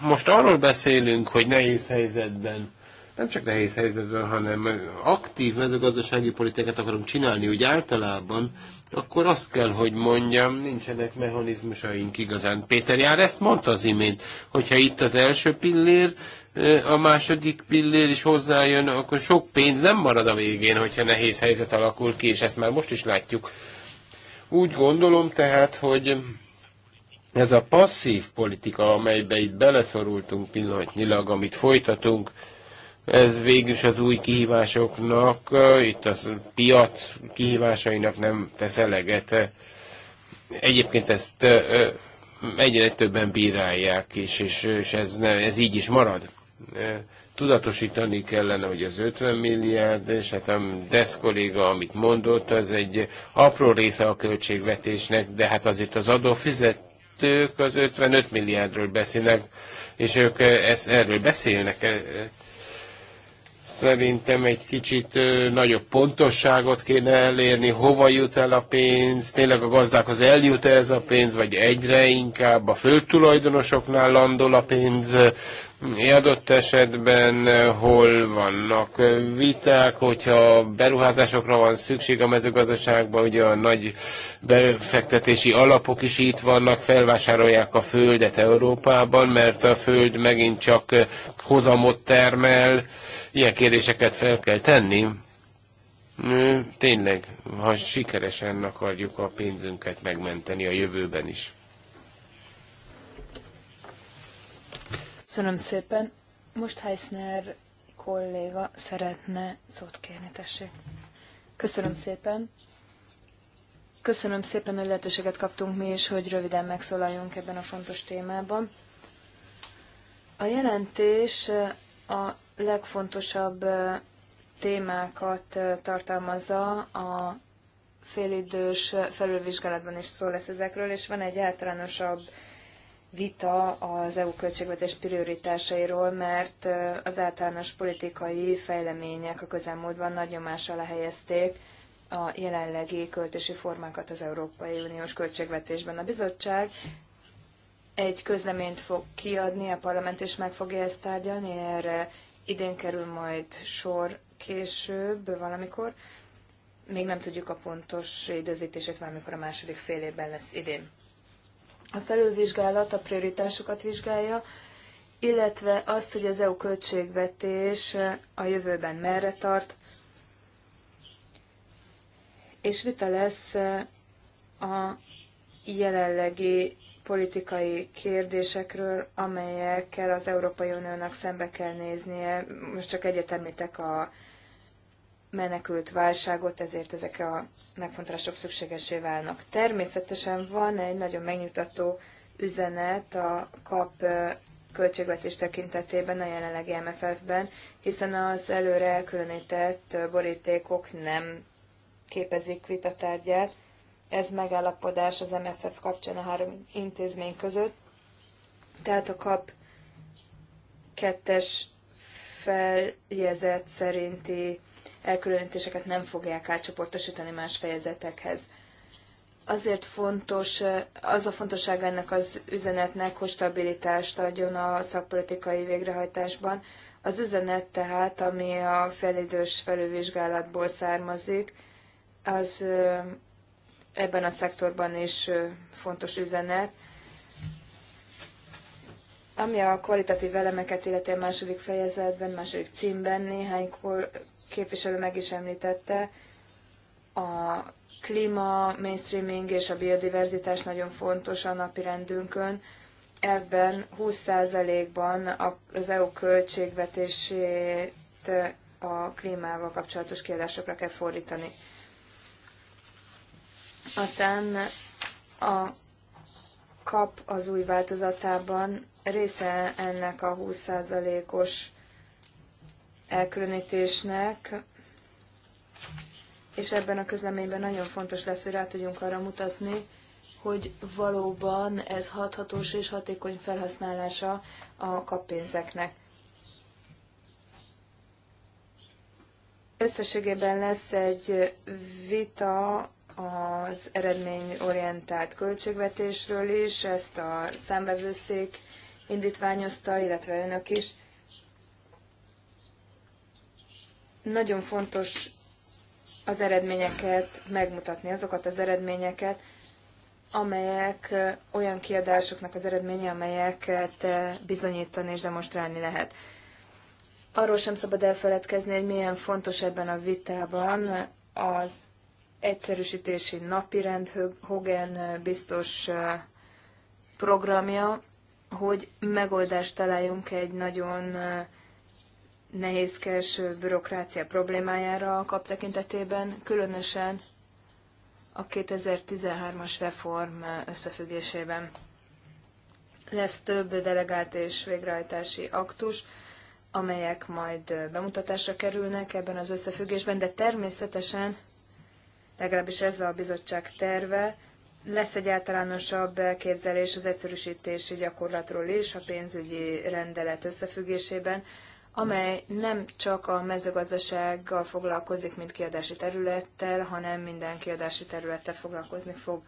most arról beszélünk, hogy nehéz helyzetben, nem csak nehéz helyzetben, hanem aktív mezőgazdasági politikát akarunk csinálni úgy általában, akkor azt kell, hogy mondjam, nincsenek mechanizmusaink igazán. Péter Jár ezt mondta az imént, hogyha itt az első pillér, a második pillér is hozzájön, akkor sok pénz nem marad a végén, hogyha nehéz helyzet alakul ki, és ezt már most is látjuk. Úgy gondolom tehát, hogy ez a passzív politika, amelybe itt beleszorultunk pillanatnyilag, amit folytatunk, ez végül is az új kihívásoknak, itt a piac kihívásainak nem tesz eleget. Egyébként ezt egyre többen bírálják, és, és, és ez, ne, ez így is marad. Tudatosítani kellene, hogy az 50 milliárd, és hát a DESZ kolléga, amit mondott, az egy apró része a költségvetésnek, de hát azért az adófizetők az 55 milliárdról beszélnek, és ők ezt, erről beszélnek, Szerintem egy kicsit nagyobb pontosságot kéne elérni, hova jut el a pénz, tényleg a gazdákhoz eljut -e ez a pénz, vagy egyre inkább a földtulajdonosoknál landol a pénz, Hm, adott esetben eh, hol vannak eh, viták, hogyha beruházásokra van szükség a mezőgazdaságban, ugye a nagy befektetési alapok is itt vannak, felvásárolják a földet Európában, mert a föld megint csak eh, hozamot termel, ilyen kérdéseket fel kell tenni. Hm, tényleg, ha sikeresen akarjuk a pénzünket megmenteni a jövőben is. Köszönöm szépen. Most Heisner kolléga szeretne szót kérni, tessék. Köszönöm szépen. Köszönöm szépen, hogy lehetőséget kaptunk mi is, hogy röviden megszólaljunk ebben a fontos témában. A jelentés a legfontosabb témákat tartalmazza a félidős felülvizsgálatban is szól lesz ezekről, és van egy általánosabb vita az EU költségvetés prioritásairól, mert az általános politikai fejlemények a közelmúltban nagy nyomás alá helyezték a jelenlegi költési formákat az Európai Uniós költségvetésben. A bizottság egy közleményt fog kiadni, a parlament is meg fogja ezt tárgyalni, erre idén kerül majd sor később, valamikor. Még nem tudjuk a pontos időzítését, valamikor a második fél évben lesz idén. A felülvizsgálat a prioritásokat vizsgálja, illetve azt, hogy az EU költségvetés a jövőben merre tart, és vita lesz a jelenlegi politikai kérdésekről, amelyekkel az Európai Uniónak szembe kell néznie. Most csak egyet említek a menekült válságot, ezért ezek a megfontolások szükségesé válnak. Természetesen van egy nagyon megnyugtató üzenet a kap költségvetés tekintetében a jelenlegi MFF-ben, hiszen az előre elkülönített borítékok nem képezik vitatárgyát. Ez megállapodás az MFF kapcsán a három intézmény között. Tehát a kap kettes feljezet szerinti elkülönítéseket nem fogják átcsoportosítani más fejezetekhez. Azért fontos, az a fontosság ennek az üzenetnek, hogy stabilitást adjon a szakpolitikai végrehajtásban. Az üzenet tehát, ami a felidős felülvizsgálatból származik, az ebben a szektorban is fontos üzenet. Ami a kvalitatív elemeket illeti a második fejezetben, második címben néhány képviselő meg is említette, a klíma, mainstreaming és a biodiverzitás nagyon fontos a napi rendünkön. Ebben 20%-ban az EU költségvetését a klímával kapcsolatos kiadásokra kell fordítani. Aztán a kap az új változatában része ennek a 20%-os elkülönítésnek, és ebben a közleményben nagyon fontos lesz, hogy rá tudjunk arra mutatni, hogy valóban ez hathatós és hatékony felhasználása a kappénzeknek. Összességében lesz egy vita az eredményorientált költségvetésről is, ezt a számvevőszék indítványozta, illetve önök is. Nagyon fontos az eredményeket megmutatni, azokat az eredményeket, amelyek olyan kiadásoknak az eredménye, amelyeket bizonyítani és demonstrálni lehet. Arról sem szabad elfeledkezni, hogy milyen fontos ebben a vitában az egyszerűsítési napirend Hogan eh, biztos eh, programja, hogy megoldást találjunk egy nagyon eh, nehézkes bürokrácia problémájára a kap tekintetében, különösen a 2013-as reform összefüggésében. Lesz több delegált és végrehajtási aktus, amelyek majd bemutatásra kerülnek ebben az összefüggésben, de természetesen legalábbis ez a bizottság terve. Lesz egy általánosabb elképzelés az egyszerűsítési gyakorlatról is a pénzügyi rendelet összefüggésében, amely nem csak a mezőgazdasággal foglalkozik, mint kiadási területtel, hanem minden kiadási területtel foglalkozni fog.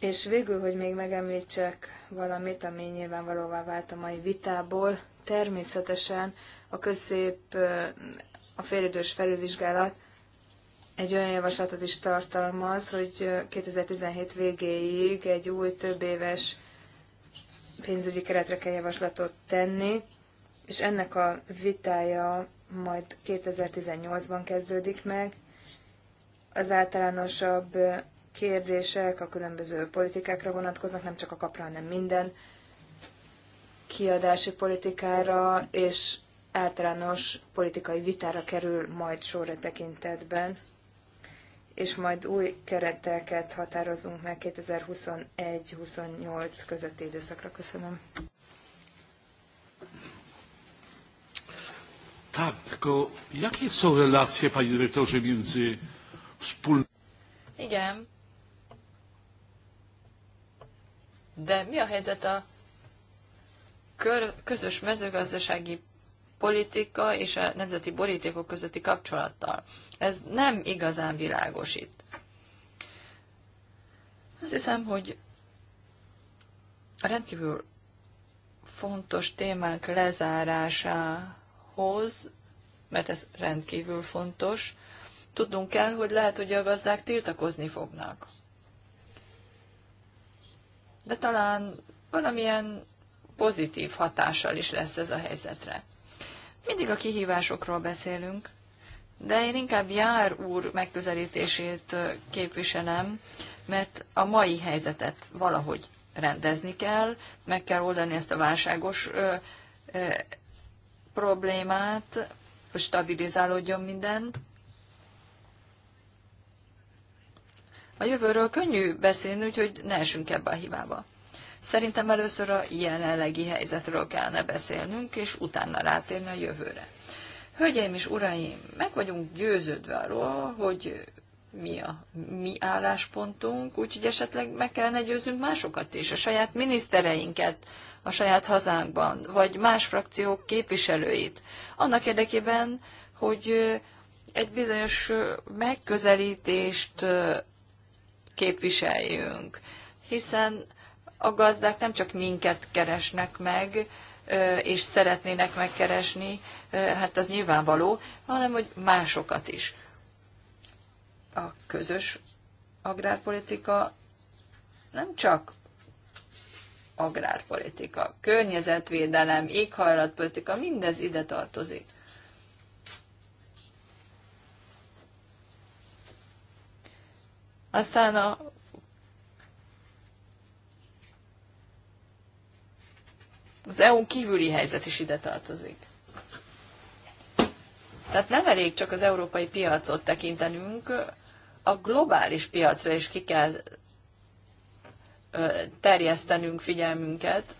És végül, hogy még megemlítsek valamit, ami nyilvánvalóvá vált a mai vitából, természetesen a közép, a félidős felülvizsgálat egy olyan javaslatot is tartalmaz, hogy 2017 végéig egy új több éves pénzügyi keretre kell javaslatot tenni, és ennek a vitája majd 2018-ban kezdődik meg. Az általánosabb kérdések a különböző politikákra vonatkoznak, nem csak a kapra, hanem minden kiadási politikára és általános politikai vitára kerül majd sor e tekintetben és majd új kereteket határozunk meg 2021-28 közötti időszakra. Köszönöm. Tak, tylko jakie są relacje, panie dyrektorze, między Igen. De mi a helyzet a közös mezőgazdasági politika és a nemzeti borítékok közötti kapcsolattal. Ez nem igazán világosít. Azt hiszem, hogy a rendkívül fontos témák lezárásához, mert ez rendkívül fontos, tudnunk kell, hogy lehet, hogy a gazdák tiltakozni fognak. De talán valamilyen pozitív hatással is lesz ez a helyzetre. Mindig a kihívásokról beszélünk, de én inkább Jár úr megközelítését képviselem, mert a mai helyzetet valahogy rendezni kell, meg kell oldani ezt a válságos ö, ö, problémát, hogy stabilizálódjon minden. A jövőről könnyű beszélni, úgyhogy ne esünk ebbe a hibába. Szerintem először a jelenlegi helyzetről kellene beszélnünk, és utána rátérni a jövőre. Hölgyeim és uraim, meg vagyunk győződve arról, hogy mi a mi álláspontunk, úgyhogy esetleg meg kellene győznünk másokat is, a saját minisztereinket, a saját hazánkban, vagy más frakciók képviselőit. Annak érdekében, hogy egy bizonyos megközelítést képviseljünk, hiszen a gazdák nem csak minket keresnek meg, és szeretnének megkeresni, hát az nyilvánvaló, hanem hogy másokat is. A közös agrárpolitika nem csak agrárpolitika, környezetvédelem, éghajlatpolitika, mindez ide tartozik. Aztán a az EU kívüli helyzet is ide tartozik. Tehát nem elég csak az európai piacot tekintenünk, a globális piacra is ki kell terjesztenünk figyelmünket.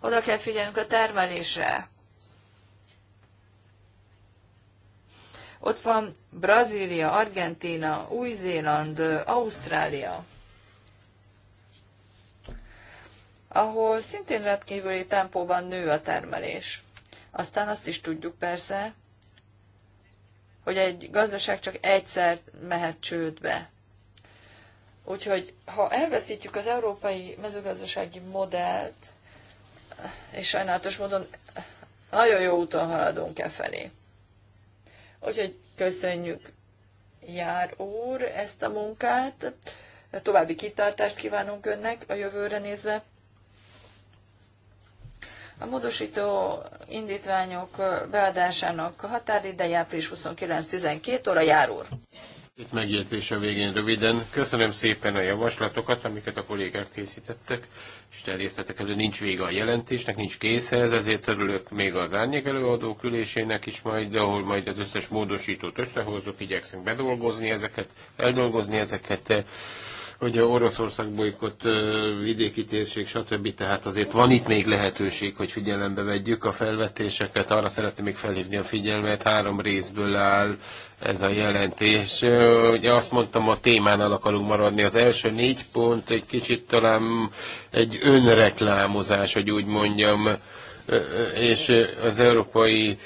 Oda kell figyelnünk a termelésre. Ott van Brazília, Argentína, Új-Zéland, Ausztrália. ahol szintén rendkívüli tempóban nő a termelés. Aztán azt is tudjuk persze, hogy egy gazdaság csak egyszer mehet csődbe. Úgyhogy ha elveszítjük az európai mezőgazdasági modellt, és sajnálatos módon nagyon jó úton haladunk e felé. Úgyhogy köszönjük, Jár úr, ezt a munkát. További kitartást kívánunk önnek a jövőre nézve. A módosító indítványok beadásának határideje április 29-12 óra jár úr. Itt megjegyzés a végén röviden. Köszönöm szépen a javaslatokat, amiket a kollégák készítettek, és terjesztettek elő. Nincs vége a jelentésnek, nincs kész ez, ezért örülök még az árnyék előadók ülésének is majd, ahol majd az összes módosítót összehozok, igyekszünk bedolgozni ezeket, eldolgozni ezeket hogy a Oroszország bolykott, vidéki térség, stb. Tehát azért van itt még lehetőség, hogy figyelembe vegyük a felvetéseket. Arra szeretném még felhívni a figyelmet, három részből áll ez a jelentés. Ugye azt mondtam, a témánál akarunk maradni. Az első négy pont egy kicsit talán egy önreklámozás, hogy úgy mondjam, és az európai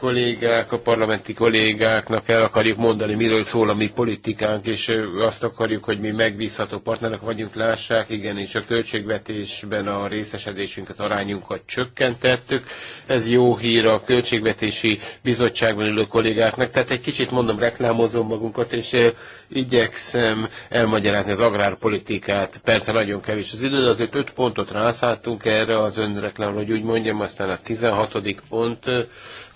kollégák, a parlamenti kollégáknak el akarjuk mondani, miről szól a mi politikánk, és azt akarjuk, hogy mi megbízható partnerek vagyunk, lássák, igen, és a költségvetésben a részesedésünket, arányunkat csökkentettük. Ez jó hír a költségvetési bizottságban ülő kollégáknak, tehát egy kicsit mondom, reklámozom magunkat, és igyekszem elmagyarázni az agrárpolitikát. Persze nagyon kevés az idő, de azért öt pontot rászálltunk erre az önreklámra, hogy úgy mondjam, aztán a 16. pont,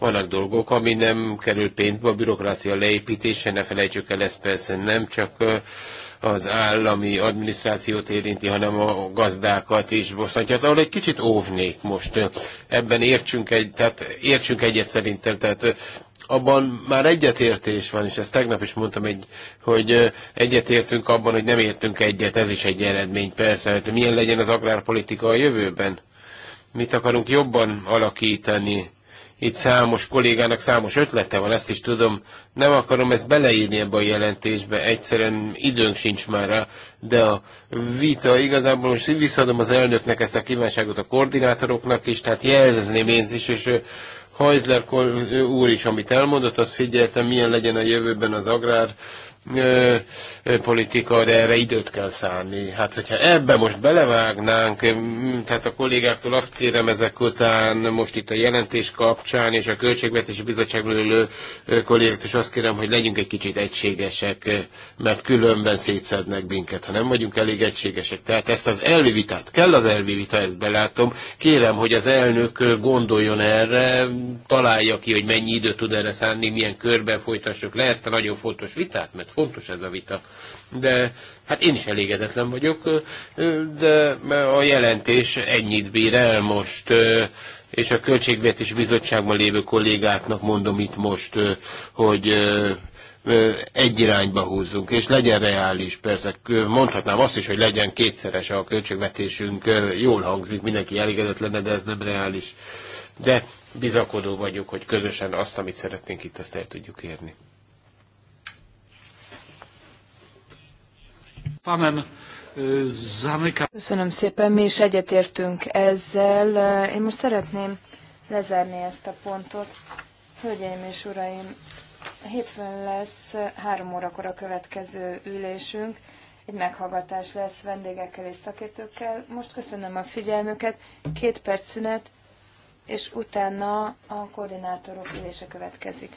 vannak dolgok, ami nem kerül pénzbe, a bürokrácia leépítése, ne felejtsük el, ez persze nem csak az állami adminisztrációt érinti, hanem a gazdákat is bosszantja. Ahol egy kicsit óvnék most. Ebben értsünk, egy, tehát értsünk egyet szerintem, tehát abban már egyetértés van, és ezt tegnap is mondtam, egy, hogy egyetértünk abban, hogy nem értünk egyet, ez is egy eredmény persze, hogy hát milyen legyen az agrárpolitika a jövőben. Mit akarunk jobban alakítani? Itt számos kollégának számos ötlete van, ezt is tudom. Nem akarom ezt beleírni ebbe a jelentésbe, egyszerűen időnk sincs már rá, de a vita igazából most visszaadom az elnöknek ezt a kívánságot a koordinátoroknak is, tehát jelzni én is, és Hajzler úr is, amit elmondott, azt figyeltem, milyen legyen a jövőben az agrár politika, de erre időt kell szállni. Hát, hogyha ebbe most belevágnánk, tehát a kollégáktól azt kérem ezek után, most itt a jelentés kapcsán, és a Költségvetési Bizottságban ülő kollégáktól is azt kérem, hogy legyünk egy kicsit egységesek, mert különben szétszednek minket, ha nem vagyunk elég egységesek. Tehát ezt az elvi vitát, kell az elvi vita, ezt belátom. Kérem, hogy az elnök gondoljon erre, találja ki, hogy mennyi időt tud erre szánni, milyen körben folytassuk le ezt a nagyon fontos vitát, mert fontos ez a vita. De hát én is elégedetlen vagyok, de a jelentés ennyit bír el most és a Költségvetési Bizottságban lévő kollégáknak mondom itt most, hogy egy irányba húzzunk, és legyen reális, persze mondhatnám azt is, hogy legyen kétszeres a költségvetésünk, jól hangzik, mindenki elégedett lenne, de ez nem reális. De bizakodó vagyok, hogy közösen azt, amit szeretnénk itt, azt el tudjuk érni. E, köszönöm szépen, mi is egyetértünk ezzel. E, én most szeretném lezárni ezt a pontot. Hölgyeim és uraim, hétfőn lesz e, három órakor a következő ülésünk. Egy meghallgatás lesz vendégekkel és szakértőkkel. Most köszönöm a figyelmüket. Két perc szünet, és utána a koordinátorok ülése következik.